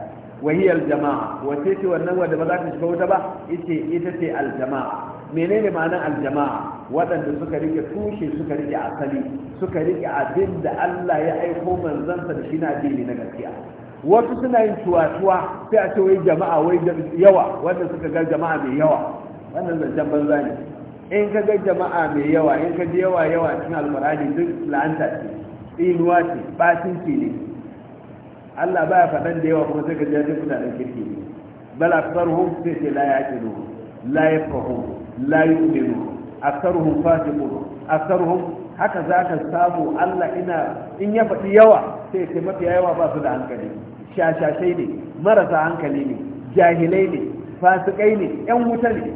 wahiyar jama'a wace ce wannan wanda ba za ta shiga wuta ba ita ce aljama'a menene ma'anar aljama'a waɗanda suka rike tushe suka rike asali suka rike abin da Allah ya aiko manzansa da shi na addini na gaskiya wasu suna yin tuwa-tuwa sai a ce wai jama'a wai yawa wanda suka ga jama'a mai yawa wannan zancen banza ne in ka ga jama'a mai yawa in ka ji yawa yawa cikin alkurani duk la'anta ce tsinuwa ce ce ne Allah baya faɗan da yawa kuma sai ka ji mutanen kirki ne bala farhum sai ce la yaqilu la yafqahu la yu'minu aktharuhum fasiqun aktharuhum haka zaka samu Allah ina in ya faɗi yawa sai ce mafi yawa ba su da hankali shashashai ne marasa hankali ne jahilai ne fasikai ne yan wuta ne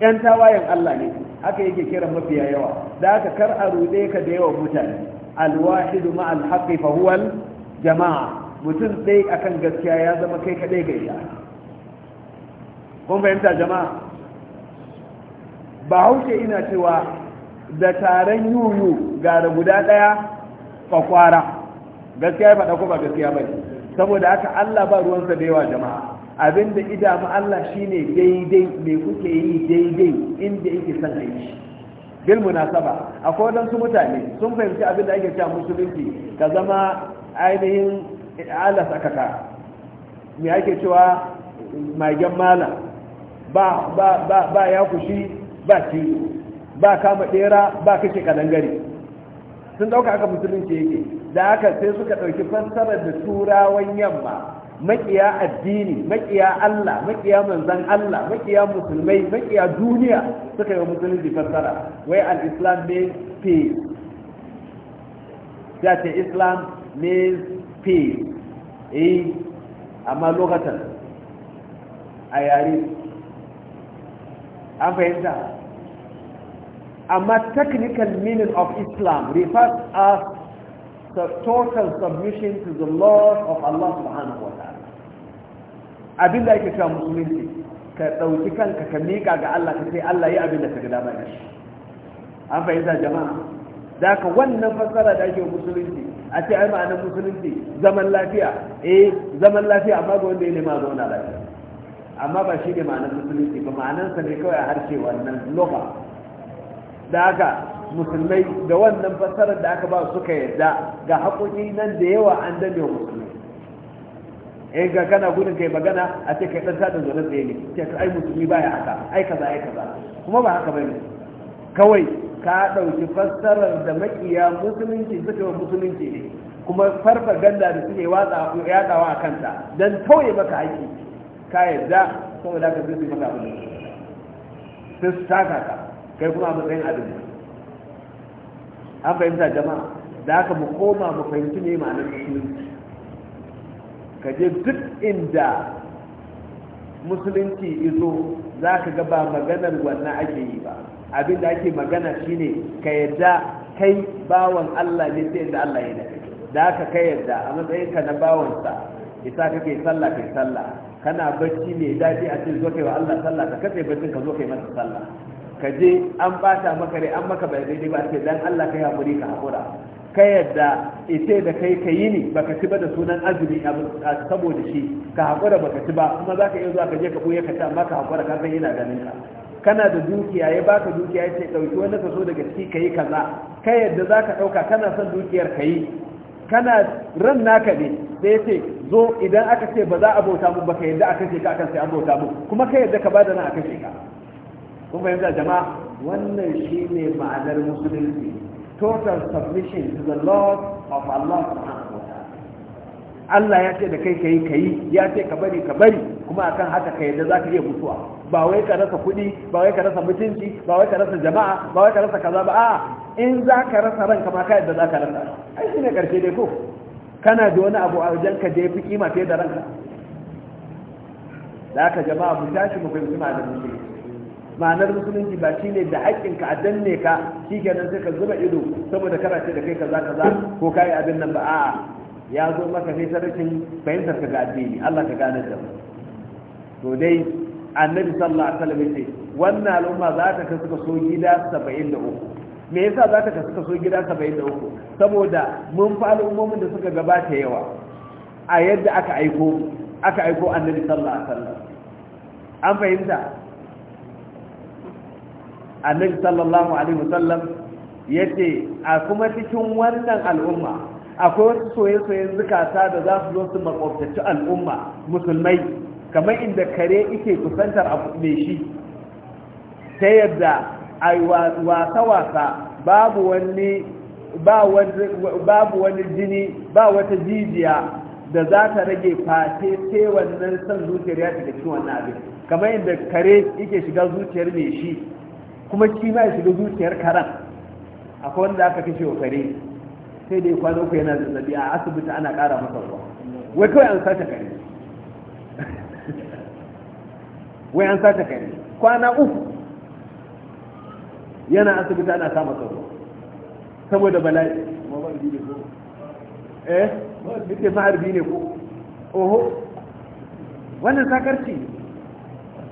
yan tawayen Allah ne haka yake kiran mafi yawa da haka kar a rude ka da yawa mutane alwahidu ma alhaqi fa huwa jama'a mutum dai akan gaskiya ya zama kai kadai ga iya kun fahimta jama'a ba hauke ina cewa da taron yuyu ga da guda ɗaya kwakwara gaskiya ya faɗa ko ba gaskiya ba saboda haka allah ba ruwansa da yawa jama'a abinda idamu allah shine daidai me kuke yi daidai inda yake son a yi shi bil munasaba akwai wadansu mutane sun fahimci abin da ake cewa musulunci ka zama ainihin alas ka me ake cewa magen mala ba ba ya kushi ba ba kama ɗera ba kashe kadangare sun ɗauka aka musulunci yake da haka sai suka ɗauki fassarar da turawan yamma makiya addini makiya Allah makiya manzan Allah makiya musulmai makiya duniya suka yi musulunci fassara wai al-islam ne peace ya ce islam means peace eh amma lokacin a yare an fahimta amma technical meaning of islam refers as the total submission to the Lord of allah subhanahu wa ta'ala abinda yake cewa musulunci ka ɗauki kanka ka miƙa ga allah ka sai allah ya abinda ka gada bai shi an fahimta jama'a da ka wannan fassara da ake musulunci a ce ai ma'anar musulunci zaman lafiya eh zaman lafiya amma ga wanda ya nema zauna lafiya amma ba shi ne ma'anar musulunci ba ma'anarsa ne kawai a harshe wannan loba da haka musulmai da wannan fassarar da aka ba suka yarda ga haƙoƙi nan da yawa an dame wa musulmai in eh, ga kana gudun kai magana a ce kai ɗan sadin zaune tsaye ne ce ai musulmi baya haka ai kaza ai kaza kuma ba haka bane kawai ka ɗauki fassarar da maƙiya musulunci suka yi musulunci ne kuma farfaganda da suke yadawa a kanta don tauye maka haƙƙi ka yadda saboda ka zai maka abin sai su taka ka kai kuma a matsayin abin an fahimta jama'a da aka mu koma mu fahimci ne ma'anar musulunci ka je duk inda musulunci izo za ka ga ba maganar wannan ake yi ba abin da ake magana shine ka yadda kai bawan Allah ne sai da Allah ya da da aka kai yadda a matsayin ka na bawansa isa kake sallah kai sallah kana bacci mai daɗi a cikin zo wa Allah sallah ka kace baccin ka zo kai masa sallah ka je an bata maka rai an maka bai daidai ba sai dan Allah kai hakuri ka hakura ka yadda ita da kai ka yi ni baka ci ba da sunan azumi saboda shi ka hakura baka ci ba kuma zaka iya zuwa ka je ka buye ka ci amma ka haƙura ka san yana ganin ka kana da dukiya ya baka dukiya ya ce ɗauki wani kaso daga ciki ka kaza ka yadda za ka ɗauka kana son dukiyar ka yi kana ran naka ne da ya ce zo idan aka ce ba za a bauta mu ba ka yadda aka ce ka akan sai an bauta mu kuma ka yadda ka ba da nan aka ce ka kun fahimta jama'a wannan shi ne ma'anar musulunci total submission to the lord of Allah subhanahu Allah ya ce da kai kai kai ya ce ka bari ka bari kuma akan haka ka yadda zaka iya mutuwa ba wai ka rasa kudi, ba wai ka rasa mutunci ba wai ka rasa jama'a ba wai ka rasa kaza ba a'a in zaka rasa ranka ma ka yadda zaka rasa ai shine karshe dai ko kana da wani abu a wajen ka da yafi kima fiye da ranka da haka jama'a mu tashi mu fahimci da musulunci ma'anar musulunci ba shine da haƙƙin ka a danne ka shi shikenan sai ka zuba ido saboda kana ce da kai kaza kaza ko kai abin nan ba a'a ya zo maka ne ta rashin fahimtar ka ga addini Allah ka gane da to dai annabi sallallahu alaihi wasallam yace wannan al'umma za ta kasu kaso gida 73 me yasa za ta kasu kaso gida 73 saboda mun fa al'ummomin da suka gabata yawa a yadda aka aiko aka aiko annabi sallallahu alaihi wasallam an fahimta annabi sallallahu alaihi wasallam yace a kuma cikin wannan al'umma akwai wasu soye-soyen zukata da za su zo su makwabtaci al'umma musulmai kamar inda kare ike kusantar abu mai shi ta yadda a wasa-wasa babu wani jini ba wata jijiya da za ta rage face sai wannan son zuciyar ya shiga wannan abin kamar inda kare yake shiga zuciyar mai shi kuma kima ma ya shiga zuciyar karan akwai wanda aka kashe wa kare sai da ya kwana uku yana zazzabi a asibiti ana ƙara masa ruwa wai kawai an sace kare wai an sace kare kwana uku yana asibiti ana sa masa ruwa saboda bala'i eh nake ma'arbi ne ko oho wannan sakarci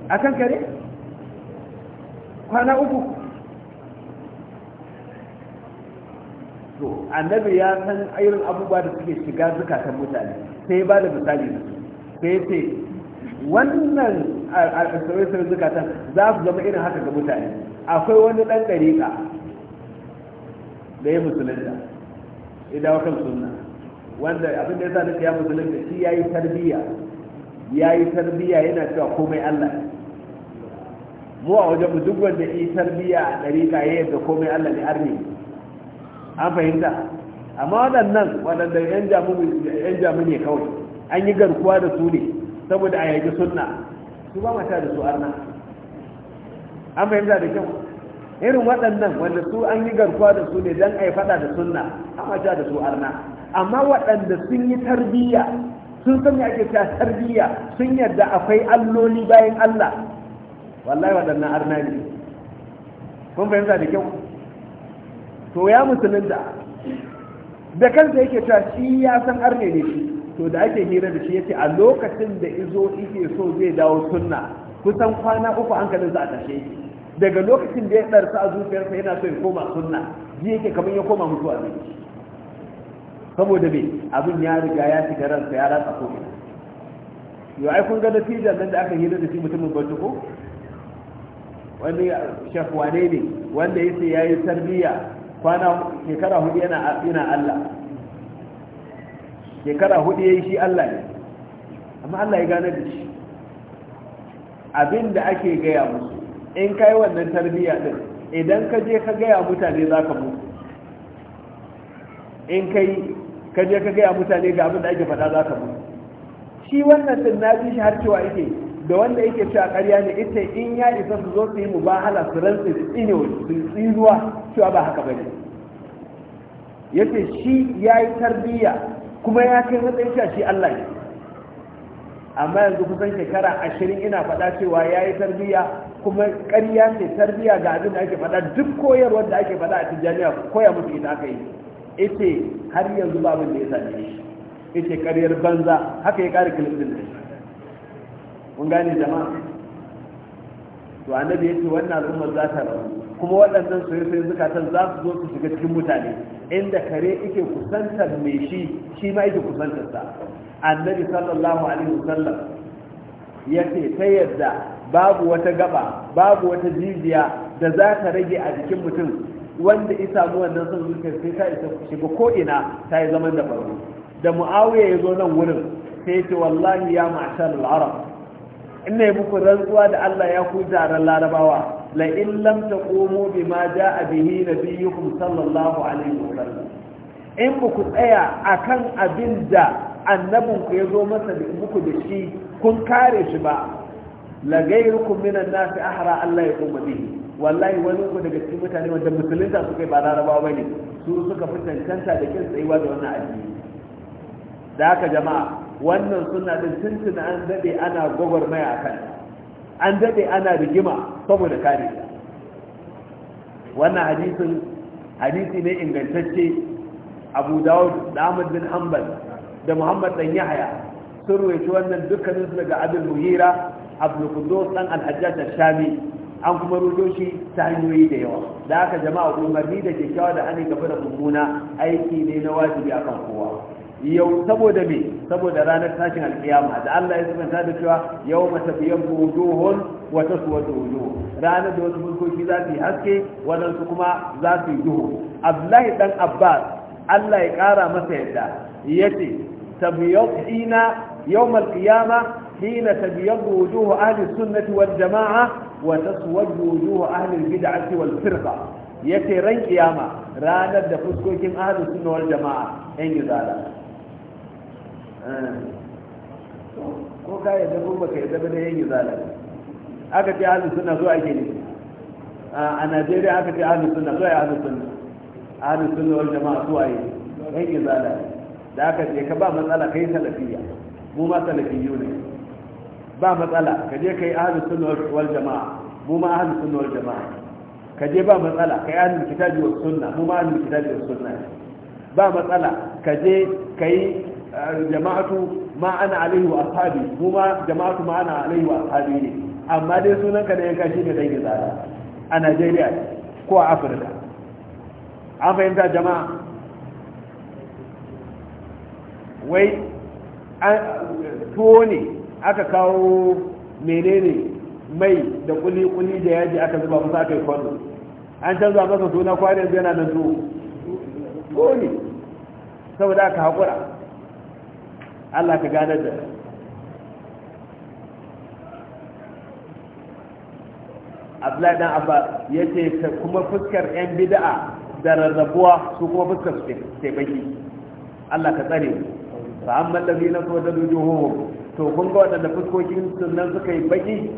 akan kare kwana uku to annabi ya san irin abubuwa da suke shiga zukatan mutane sai ya ba da misali da sai ce wannan al'asarai zukatan za su zama irin haka ga mutane akwai wani dan ɗariƙa da ya musulunta idan kan sunna wanda abin da ya sa nuka ya musulunta shi ya yi tarbiyya ya yi tarbiyya yana cewa komai allah mu a wajen duk wanda yi tarbiyya a dariƙa ya yadda komai allah ne arni an fahimta amma waɗannan waɗanda 'yan jami'u ne kawai an yi garkuwa da su ne saboda a yaƙi suna su ba mata da su arna an fahimta da kyau irin waɗannan wanda su an yi garkuwa da su ne don a yi faɗa da suna an mata da su arna amma waɗanda sun yi tarbiyya sun san ya ake cewa tarbiyya sun yarda akwai alloli bayan allah wallahi waɗannan arna ne kun fahimta da kyau to ya musulunta da kansa yake cewa shi ya san arne ne shi to da ake hira da shi yace a lokacin da izo ike so zai dawo sunna kusan kwana uku hankalin za a tashe shi daga lokacin da ya ɗarsa a zuciyarsa yana so ya koma sunna ji yake kamar ya koma a ne saboda me abin ya riga ya shiga ransa ya ratsa komai. yau ai kun ga nan da aka hira da shi mutumin bauchi ko wani shafwane ne wanda ya ce ya yi tarbiyya kwana shekara hudu yana yana Allah shekara hudu yayi shi Allah ne amma Allah ya gane da shi abin da ake gaya musu in kai wannan tarbiyya din idan ka je ka gaya mutane za ka mutu in kai ka je ka gaya mutane ga abin da ake faɗa za ka mutu shi wannan din na ji shi har cewa yake da wanda yake cewa ƙarya ne ita in ya isa su zo su yi mubahala su rantsa su tsine su tsinuwa cewa ba haka bane yace shi ya yi tarbiyya kuma ya kai matsayin cewa shi Allah ne amma yanzu kusan shekara ashirin ina faɗa cewa ya yi tarbiyya kuma ƙarya ne tarbiyya ga abin da ake faɗa duk koyarwar da ake faɗa a tijjaniya koya musu ita aka yi ita har yanzu babin da ya sa ita ƙaryar banza haka ya ƙara kilifin da shi kun gane jama'a to annabi yace wannan al'ummar za ta rabu kuma waɗannan soyayyen zukatan za su zo su shiga cikin mutane inda kare yake kusantar mai shi shi ma yake kusantar sa annabi sallallahu alaihi wasallam yace ta yadda babu wata gaba babu wata jijiya da za ta rage a jikin mutum wanda ita mu wannan son zuciyar sai ta isa shiga ko ina ta yi zaman da farko da muawiya ya zo nan wurin sai ce wallahi ya ma'ashar al-arab ina muku rantsuwa da Allah ya ku jaran larabawa la in lam taqumu bima jaa bihi nabiyukum sallallahu alaihi wasallam in ku tsaya akan abin da annabin ku ya zo masa da muku da shi kun kare shi ba la gairukum minan nasi ahra Allah ya kuma bihi wallahi wani ku daga cikin mutane wanda musulunta suka ba larabawa bane su suka fi cancanta da kin tsayuwa da wannan addini da haka jama'a wannan suna da tuntuna an daɗe ana gwagwarmaya a kan an daɗe ana rigima saboda kare wannan hadisin hadisi ne ingantacce abu dawud da ahmad bin hanbal da muhammad dan yahaya sun ruwaci wannan dukkanin su daga abin muhira abdul kudus dan al shami an kuma rudo shi ta hanyoyi da yawa da haka jama'a umarni da kyakkyawa da ani gaba da mummuna aiki ne na wajibi akan kowa yau saboda me saboda ranar tashin alkiyama da Allah ya sabanta da cewa yau mata biyan wujuhun wa taswadu wujuh ranar da wasu mulkoki za su yi haske waɗansu kuma za su yi duhu Abdullahi dan Abbas Allah ya ƙara masa yadda ya yace tabiyat hina yawm alqiyama hina tabiyat wujuh ahli sunnati wal jamaa wa taswadu wujuh ahli bid'ati wal firqa yace ran kiyama ranar da fuskokin ahli sunna wal jamaa yan gizala Eh. ko ka yadda ko baka yadda ba da yin zalunci aka ce ahlus sunna zuwa ake ne a Najeriya aka ce ahlus sunna zuwa ahlus sunna ahlus sunna wani jama'a zuwa yi yan izala da aka ce ka ba matsala kai salafiya mu ma salafiyu ne ba matsala ka je kai ahlus sunna wal jama'a mu ma ahlus sunna wal jama'a ka je ba matsala kai yi kitabi was sunna mu ma ahlul kitabi was sunna ba matsala ka je kai jama'atu ma ana alaihi wa ashabi mu ma jama'atu ma ana alaihi wa ashabi ne amma dai sunan ka da yanka shi ne dan gizara a Najeriya ko a Afirka an fahimta jama'a wai tuwo ne aka kawo menene mai da kuli-kuli da yaji aka zuba musa aka yi kwano an canza masa suna kwanan yana nan tuwo tuwo ne saboda aka haƙura Allah ka gane da Abdullahi dan Abba ce kuma fuskar yan bid'a da rarrabuwa su kuma fuskar su ce baki Allah ka tsare mu fa amma allazina tawaddu juhuhum to kun ga wadanda fuskokin sunan suka yi baki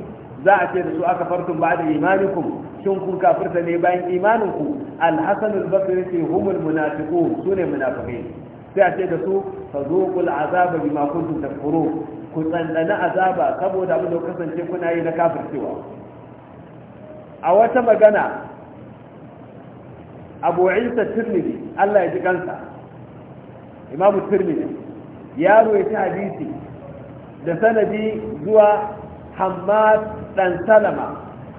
za a ce da su aka fartun ba da imanikum shin kun kafirta ne bayan imaninku alhassan albasri ce humul munafiqun sune munafiqai sai a ce da su fazuqul azaba bima kuntum takfurun ku tsantsana azaba saboda abin da kasance kuna yi na kafircewa a wata magana a isa tirmidhi Allah ya ji kansa imamu tirmidhi ya ruwaita hadisi da sanadi zuwa hammad dan salama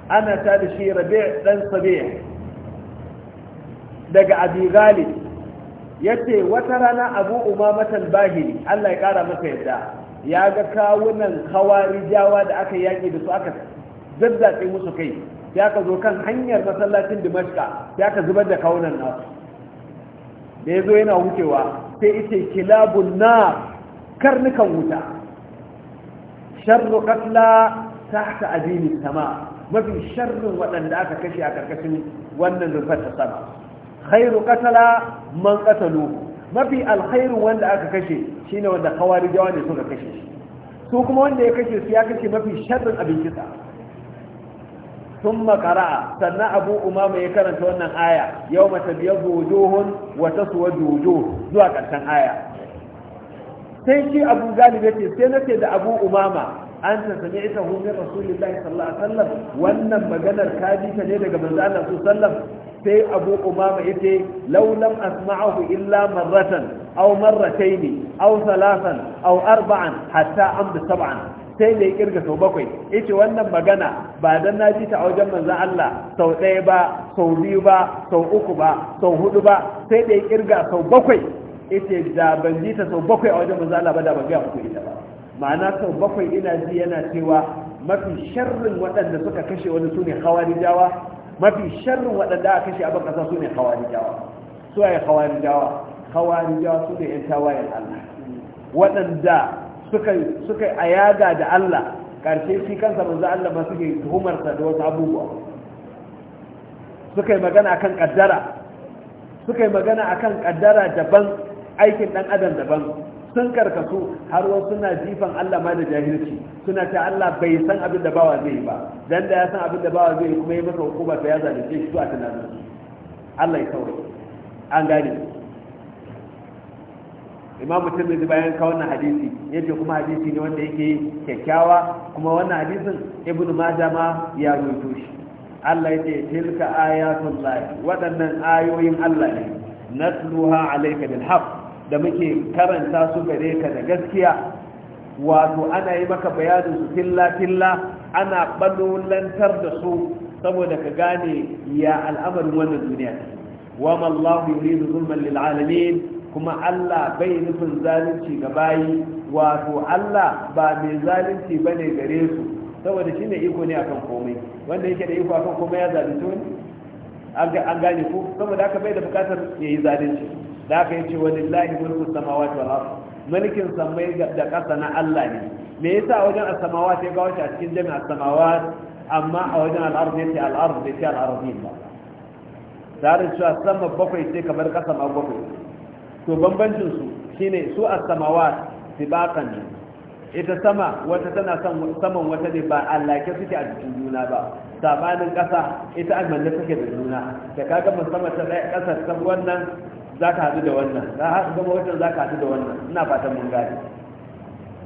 ana ta da shi rabi' dan sabih daga abi yace wata rana abu umama bahiri Allah ya kara masa yadda ya ga kawunan hawarijawa da aka yaki da su aka zaddatse musu kai ya ka zo kan hanyar masallacin dimashka ya ka zubar da kawunan nasu da ya zo yana wucewa sai ita kilabun na karnukan wuta sharru katla tahta adini sama mafi sharrin waɗanda aka kashe a ƙarƙashin wannan rufar ta sama khairu qatala man qatalu mafi alkhairu wanda aka kashe shine wanda khawari jawa ne suka kashe su kuma wanda ya kashe su ya kashe mafi sharrin abin kisa thumma qara'a sanna abu umama ya karanta wannan aya yawma tabiyadu wujuhun wa taswadu wujuh zuwa karshen aya sai shi abu galib yace sai ce da abu umama an ta sami'ta hu min rasulillahi sallallahu alaihi wasallam wannan maganar kaji ta ne daga manzo Allah sai abu umama ya ce laulam asma'ahu illa marratan aw marrataini aw salasan aw arba'an hatta amda sab'an sai da ya kirga sau bakwai yace wannan magana ba dan naji ta a wajen manzon Allah sau ɗaya ba sau biyu ba sau uku ba sau hudu ba sai da ya kirga sau bakwai yace da ban ji ta sau bakwai a wajen manzon Allah ba da ban ga ku ita ba ma'ana sau bakwai ina ji yana cewa mafi sharrin waɗanda suka kashe wani sune jawa. mafi sharrin waɗanda aka kashe abin ƙasa su ne jawa su ne hawarijawa jawa su ne 'yan tawayen allah waɗanda suka yi ayaga da allah ƙarshe shi kansa manzo allah ba suke tuhumarsa da wasu abubuwa suka yi magana akan ƙaddara suka yi magana akan ƙaddara daban aikin ɗan adam daban sun karkasu har wasu suna jifan Allah ma da jahilci suna ta Allah bai san abin da bawa zai yi ba dan da ya san abin da bawa zai yi kuma ya masa hukuma ta ya zalunce shi zuwa tunanin Allah ya kawai an gane imam mutum da bayan ka wannan hadisi yace kuma hadisi ne wanda yake kyakkyawa kuma wannan hadisin Ibn majah ma ya rubuto shi Allah ya ce tilka ayatul lahi waɗannan ayoyin Allah ne natluha alayka bil haqq da muke karanta su gare ka da gaskiya wato ana yi maka bayanin su filla-filla ana ɓalolantar da su saboda ka gane ya al'amarin wannan duniya wa mallahu yuridu zulman lil alamin kuma Allah bai nufin zalunci ga bayi wato Allah ba mai zalunci bane gare su saboda shine iko ne akan komai wanda yake da iko akan komai ya zalunci wani an gane ko saboda haka bai da bukatar yayi zalunci da aka Wani walillahi mulku samawati wal ardh mulkin samai da ƙasa na Allah ne me yasa wajen as-samawat ya ga wata a cikin jami'a as-samawat amma a wajen al-ardh yace al-ardh yace al-ardhin ba tare cewa sama bakwai ce kamar kasa ma bakwai to bambancin su shine su as-samawat sibaqan ne ita sama wata tana saman wata ne ba ke suke a jikin juna ba sabanin ƙasa ita a manne suke da juna da kaga musamman ta ɗaya ƙasar ta wannan za ka haɗu da wannan za a gama wata za ka haɗu da wannan ina fatan mun gane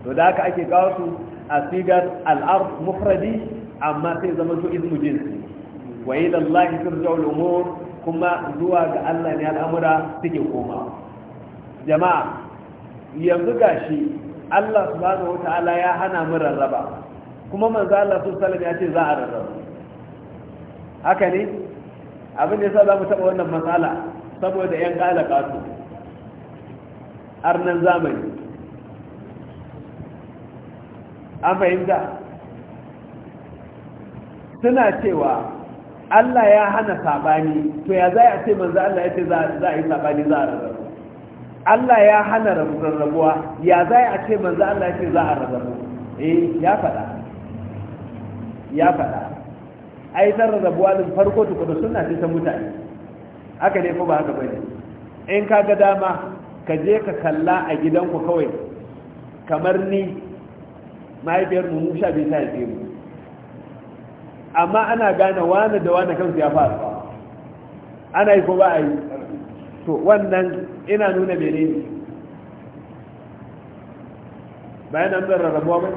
to da haka ake kawo su a sigar al'ar mufradi amma sai zama to izmu jinsi wa yi lallahi sun al kuma zuwa ga Allah ne al'amura suke koma jama'a yanzu gashi Allah wata ala ya hana mu rarraba kuma manzo Allah su salam ya ce za a rarraba haka ne abin da sa za mu taɓa wannan matsala saboda yan kalaka su arnan zamani an fahimta suna cewa Allah ya hana sabani to ya za a ce manzo Allah ya ce za a yi sabani za a rarrabu Allah ya hana rarrabuwa ya za a ce manzo Allah ya ce za a rarrabu eh ya faɗa ya faɗa ai ta rarrabuwa din farko tukuna suna ce ta mutane haka ne ko ba haka bane in ka ga dama ka je ka kalla a gidanku kawai kamar ni mahaifiyar mu musha bai ta haife mu amma ana gane wani da wani kansu ya fara ana yi ko ba a yi to wannan ina nuna ne bayan an zara rarrabuwa ba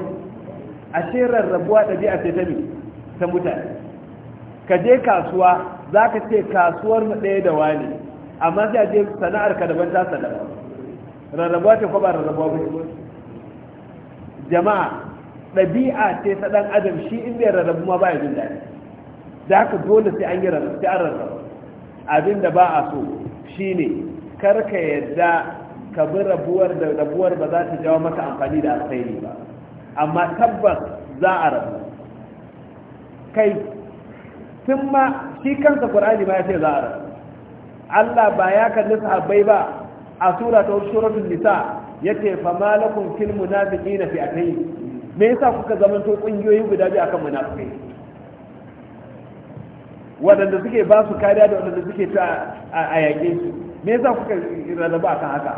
ashe rarrabuwa ɗabi'a ce ta ne ta mutane ka je kasuwa za ka ce kasuwar mu ɗaya da wani amma sai a je sana'ar ka daban ta daban. rarrabuwa ce ko ba rarrabuwa ba jama'a ɗabi'a ce ta ɗan adam shi in bai rarrabu ma ba ya jin daɗi da haka dole sai an yi rarrabu sai an rarrabu abin da ba a so shine kar ka yadda ka bi rabuwar da rabuwar ba za ta jawo maka amfani da alkhairi ba amma tabbas za a rabu kai tun ma shi kansa qur'ani ma ya ce za'ar rasu Allah ba ya kalli sahabbai ba a sura ta suratul nisa ce fa malakum fil na fi kai me yasa kuka to ƙungiyoyi guda biyu akan munafikai waɗanda suke ba su kariya da waɗanda suke ta a yaƙe su me yasa kuka rarraba akan haka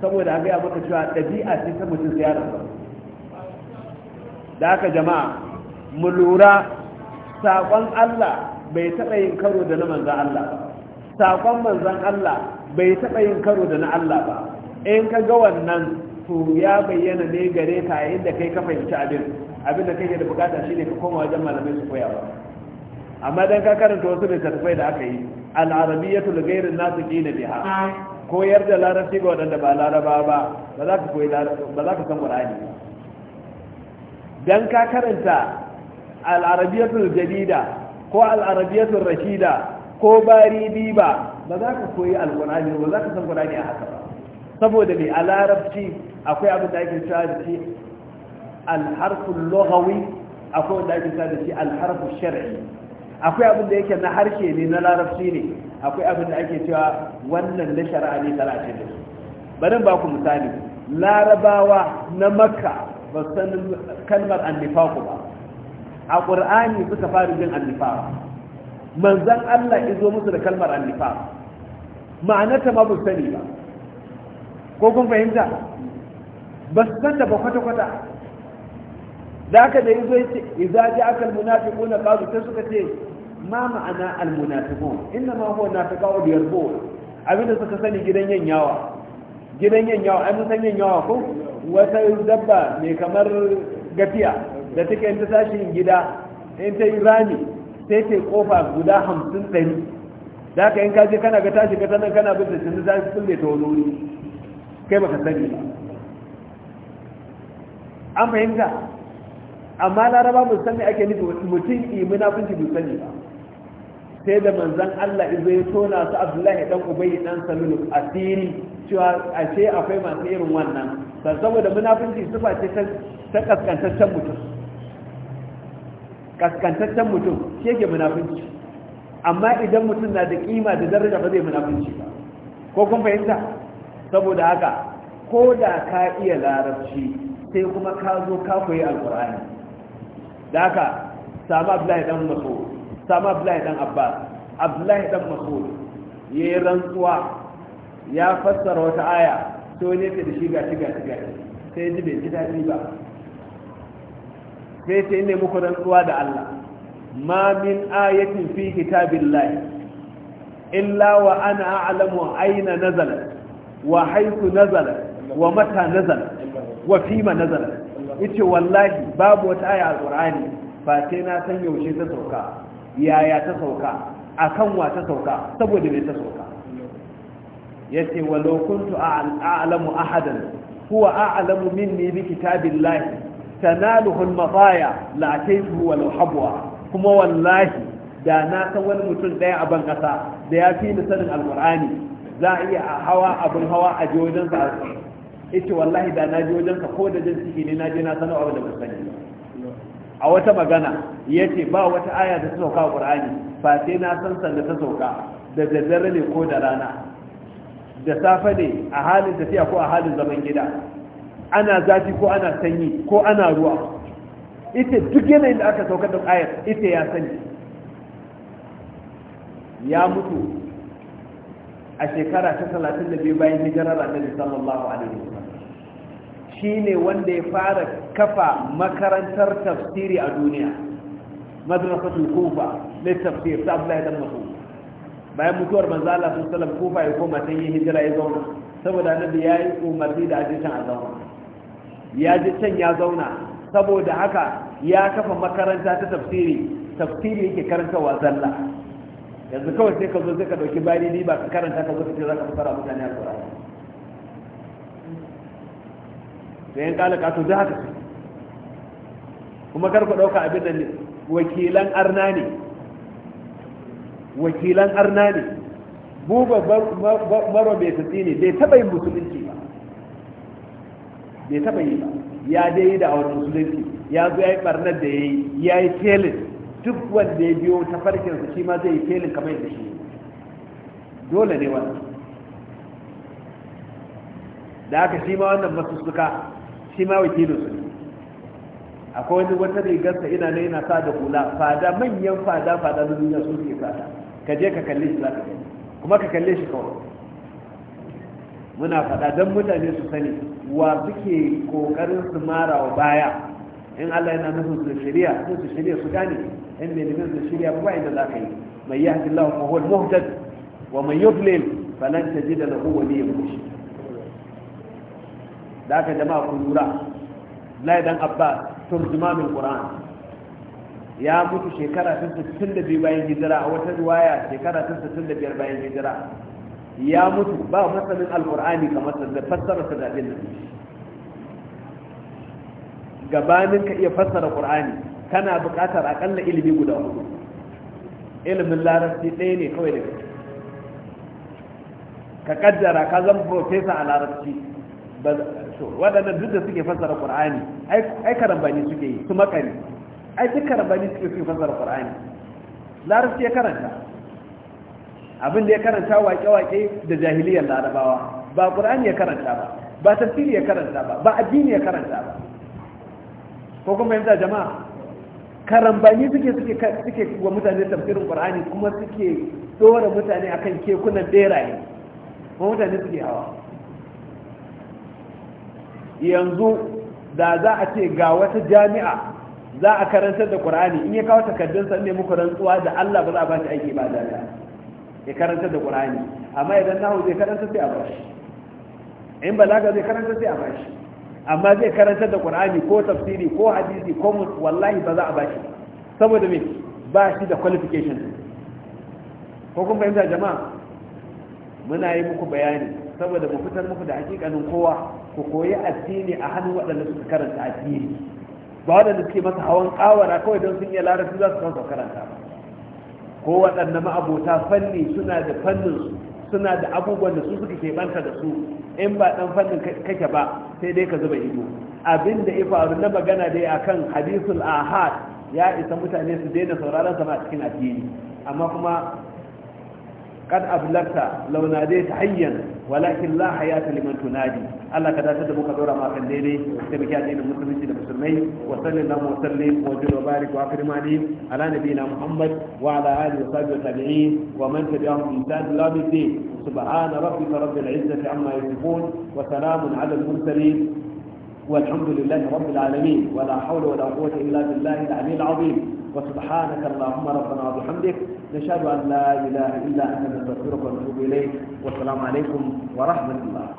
saboda an gaya maka cewa ɗabi'a ce ta mutum sai ya da haka jama'a mu lura saƙon Allah bai taɓa yin karo da na manzan Allah ba saƙon manzan Allah bai taɓa yin karo da na Allah ba in ka ga wannan to ya bayyana ne gare ka inda kai ka fahimci abin abin da kake da bukata shine ka koma wajen malamai su koya ba amma dan ka karanta wasu littattafai da aka yi al-arabiyatu li ghayri an-nas qila biha koyar da larabci ga wadanda ba laraba ba ba za ka koyi ba za ka san qur'ani dan ka karanta al'arabiyatul jadida ko al'arabiyatul rashida ko bari biba ba za ka koyi alƙunani ba za ka san ƙunani a haka ba saboda mai a larabci akwai abin da ake cewa da shi alharfin lohawi akwai abin da ake cewa da shi alharfin shari'i akwai abin da yake na harshe ne na larabci ne akwai abin da ake cewa wannan na shari'a ne ta ce da su bari ba ku misali larabawa na makka ba san kalmar annifaku ba a qur'ani suka fara jin annifa manzan Allah izo musu da kalmar annifa ma'anarta ma bu sani ba ko kun fahimta ba su san da ba kwata kwata da aka da izo yace idza ja'aka na qalu ta suka ce ma ma'ana almunafiqun inna ma huwa nafiqu yarbu abinda suka sani gidan yanyawa gidan yanyawa ai mun san yanyawa ko wata dabba mai kamar gafiya da take in ta tashin gida in ta yi rami sai ta kofa guda hamsin ɗari da haka in kaje kana ga tashi ka nan kana bisa da cin zafi sun da ta wani kai baka sani ba an fahimta amma laraba mun sani ake nufi mutum imina kun ji sani ba sai da manzan Allah izo ya tona su Abdullahi dan Ubayy dan Salul asiri cewa ashe akwai masu irin wannan saboda munafunci sifa ce ta kaskantaccen mutum kaskantaccen mutum shi yake munafunci amma idan mutum na da kima da daraja ba zai munafunci ba ko kun fahimta saboda haka ko da ka iya larabci sai kuma ka zo ka koyi alkur'ani da haka sami abdullahi dan maso sami abdullahi dan abbas abdullahi dan maso ya yi rantsuwa ya fassara wata aya to ne ta da shi gashi gashi gashi sai ji bai ji daɗi ba sai ce ne muku rantsuwa da Allah ma min ayatin fi kitabillahi illa wa ana a'lamu aina nazala wa haythu nazala wa mata nazala wa fima nazala yace wallahi babu wata aya a Qur'ani ba sai na san yaushe ta sauka yaya ta sauka akan wa ta sauka saboda ne ta sauka yace walau kuntu a'lamu ahadan huwa a'lamu minni bi kitabillahi tanaluhu al-mafaya la ataytuhu wa law habwa kuma wallahi da na san wani mutum daya a ban kasa da ya fi ni sanin alqur'ani za a iya a hawa abin hawa a ji wajen sa ita wallahi da na ji wajen ka ko da jin ciki ne na je na sanar abin da ban sani a wata magana yace ba wata aya da ta sauka a qur'ani fa sai na san sanda ta sauka da dare ne ko da rana da safe ne a halin tafiya ko a halin zaman gida ana zafi ko ana sanyi ko ana ruwa ita duk yanayin da aka saukar da ayar ita ya sani ya mutu a shekara ta talatin da biyu bayan hijirar annabi sallallahu alaihi wasallam shine wanda ya fara kafa makarantar tafsiri a duniya madrasatul kufa na tafsir ta Abdullahi dan Mas'ud bayan mutuwar manzo Allah sallallahu alaihi wasallam kufa ya koma ta yi hijira ya zauna saboda annabi yayi umarni da ajisan a zauna ya ji can ya zauna saboda haka ya kafa makaranta ta tafsiri tafsiri yake wa zalla yanzu kawai sai ka zo sai ka dauki bari ni ba ka karanta ka zo ka ce za ka a mutane alƙur'ani sai yan kala kato da haka kuma kar ku dauka abin da wakilan arna ne wakilan arna ne bu babbar marobe bai tsitsi ne bai yin musulunci ba bai taba yi ba ya dai yi da awar musulunci ya zo ya yi barnar da ya yi ya yi felin duk wanda ya biyo ta farkin shi ma zai yi felin kamar yadda shi dole ne wannan da aka shi ma wannan masu suka, shi ma wakilin su akwai wani wata rigarsa ina ne yana sa da hula fada manyan fada fada na duniya su ke fada ka je ka kalle shi za ka kuma ka kalle shi kawai muna fada don mutane su sani wa suke kokarin su mara wa baya in Allah yana nufin su shari'a Su su shari'a su gane in mai nufin su shari'a ba inda za ka yi mai yahdi Allah fa huwa muhtad wa man yudlil falan tajida lahu ya murshid da haka jama'a ku lura Abdullahi dan Abbas min Qur'an ya mutu shekara 62 bayan hijira a wata ruwaya shekara ta 65 bayan hijira ya mutu ba masanin alkur'ani kamar da fassara ta daɗin da gabanin ka iya fassara ƙur'ani kana buƙatar aƙalla ilimi guda hudu ilimin larabci ɗaya ne kawai daga ka ƙaddara ka zama profesa a larabci waɗannan duk da suke fassara qur'ani ai karambani suke yi su makari ai duk karambani suke suke fassara ƙur'ani. larabci ya karanta abin da ya karanta wake-wake da jahiliyar larabawa ba ƙur'ani ya karanta ba ba tafsiri ya karanta ba ba addini ya karanta ba ko kuma yanzu jama'a karambani suke suke suke wa mutane tafsirin ƙur'ani kuma suke dora mutane akan kekunan beraye ko mutane suke hawa yanzu da za a ce ga wata jami'a za a karantar da ƙur'ani in ya kawo takardunsa ne muku rantsuwa da Allah ba za a ba shi aiki ba da ya karanta da qur'ani amma idan nahu zai karanta sai a bashi in balaga zai karanta sai a bashi amma zai karanta da qur'ani ko tafsiri ko hadisi ko wallahi ba za a bashi saboda me ba shi da qualification ko kun fahimta jama'a muna yi muku bayani saboda mu fitar muku da hakikanin kowa ku koyi addini a hannun waɗanda suka karanta addini ba waɗanda suke masa hawan kawara kawai don sun yi larabci za su kan karanta ba ko waɗanda ma'abota fanni suna da fannin suna da abubuwan da su suka keɓanta da su in ba ɗan fannin kake ba sai dai ka zuba ido abin da ya faru na magana dai akan hadisul ahad ya isa mutane su daina sauraron sama a cikin addini amma kuma kad ablakta launa dai ta hanyar walakin la hayata liman tunadi Allah ka dace da mu ka dora ma kan daidai da muke addinin musulunci da musulmai wa sallallahu wa sallim wa jalla barik wa akrimani ala nabiyina Muhammad wa ala alihi wa sahbihi wa tabi'in wa man tabi'ahum bi ihsan ila yawm subhana rabbika rabbil izzati amma yasifun wa salamun ala al mursalin والحمد لله رب العالمين ولا حول ولا قوة إلا بالله العلي العظيم وسبحانك اللهم ربنا وبحمدك نشهد أن لا إله إلا أنت نستغفرك ونتوب إليك والسلام عليكم ورحمة الله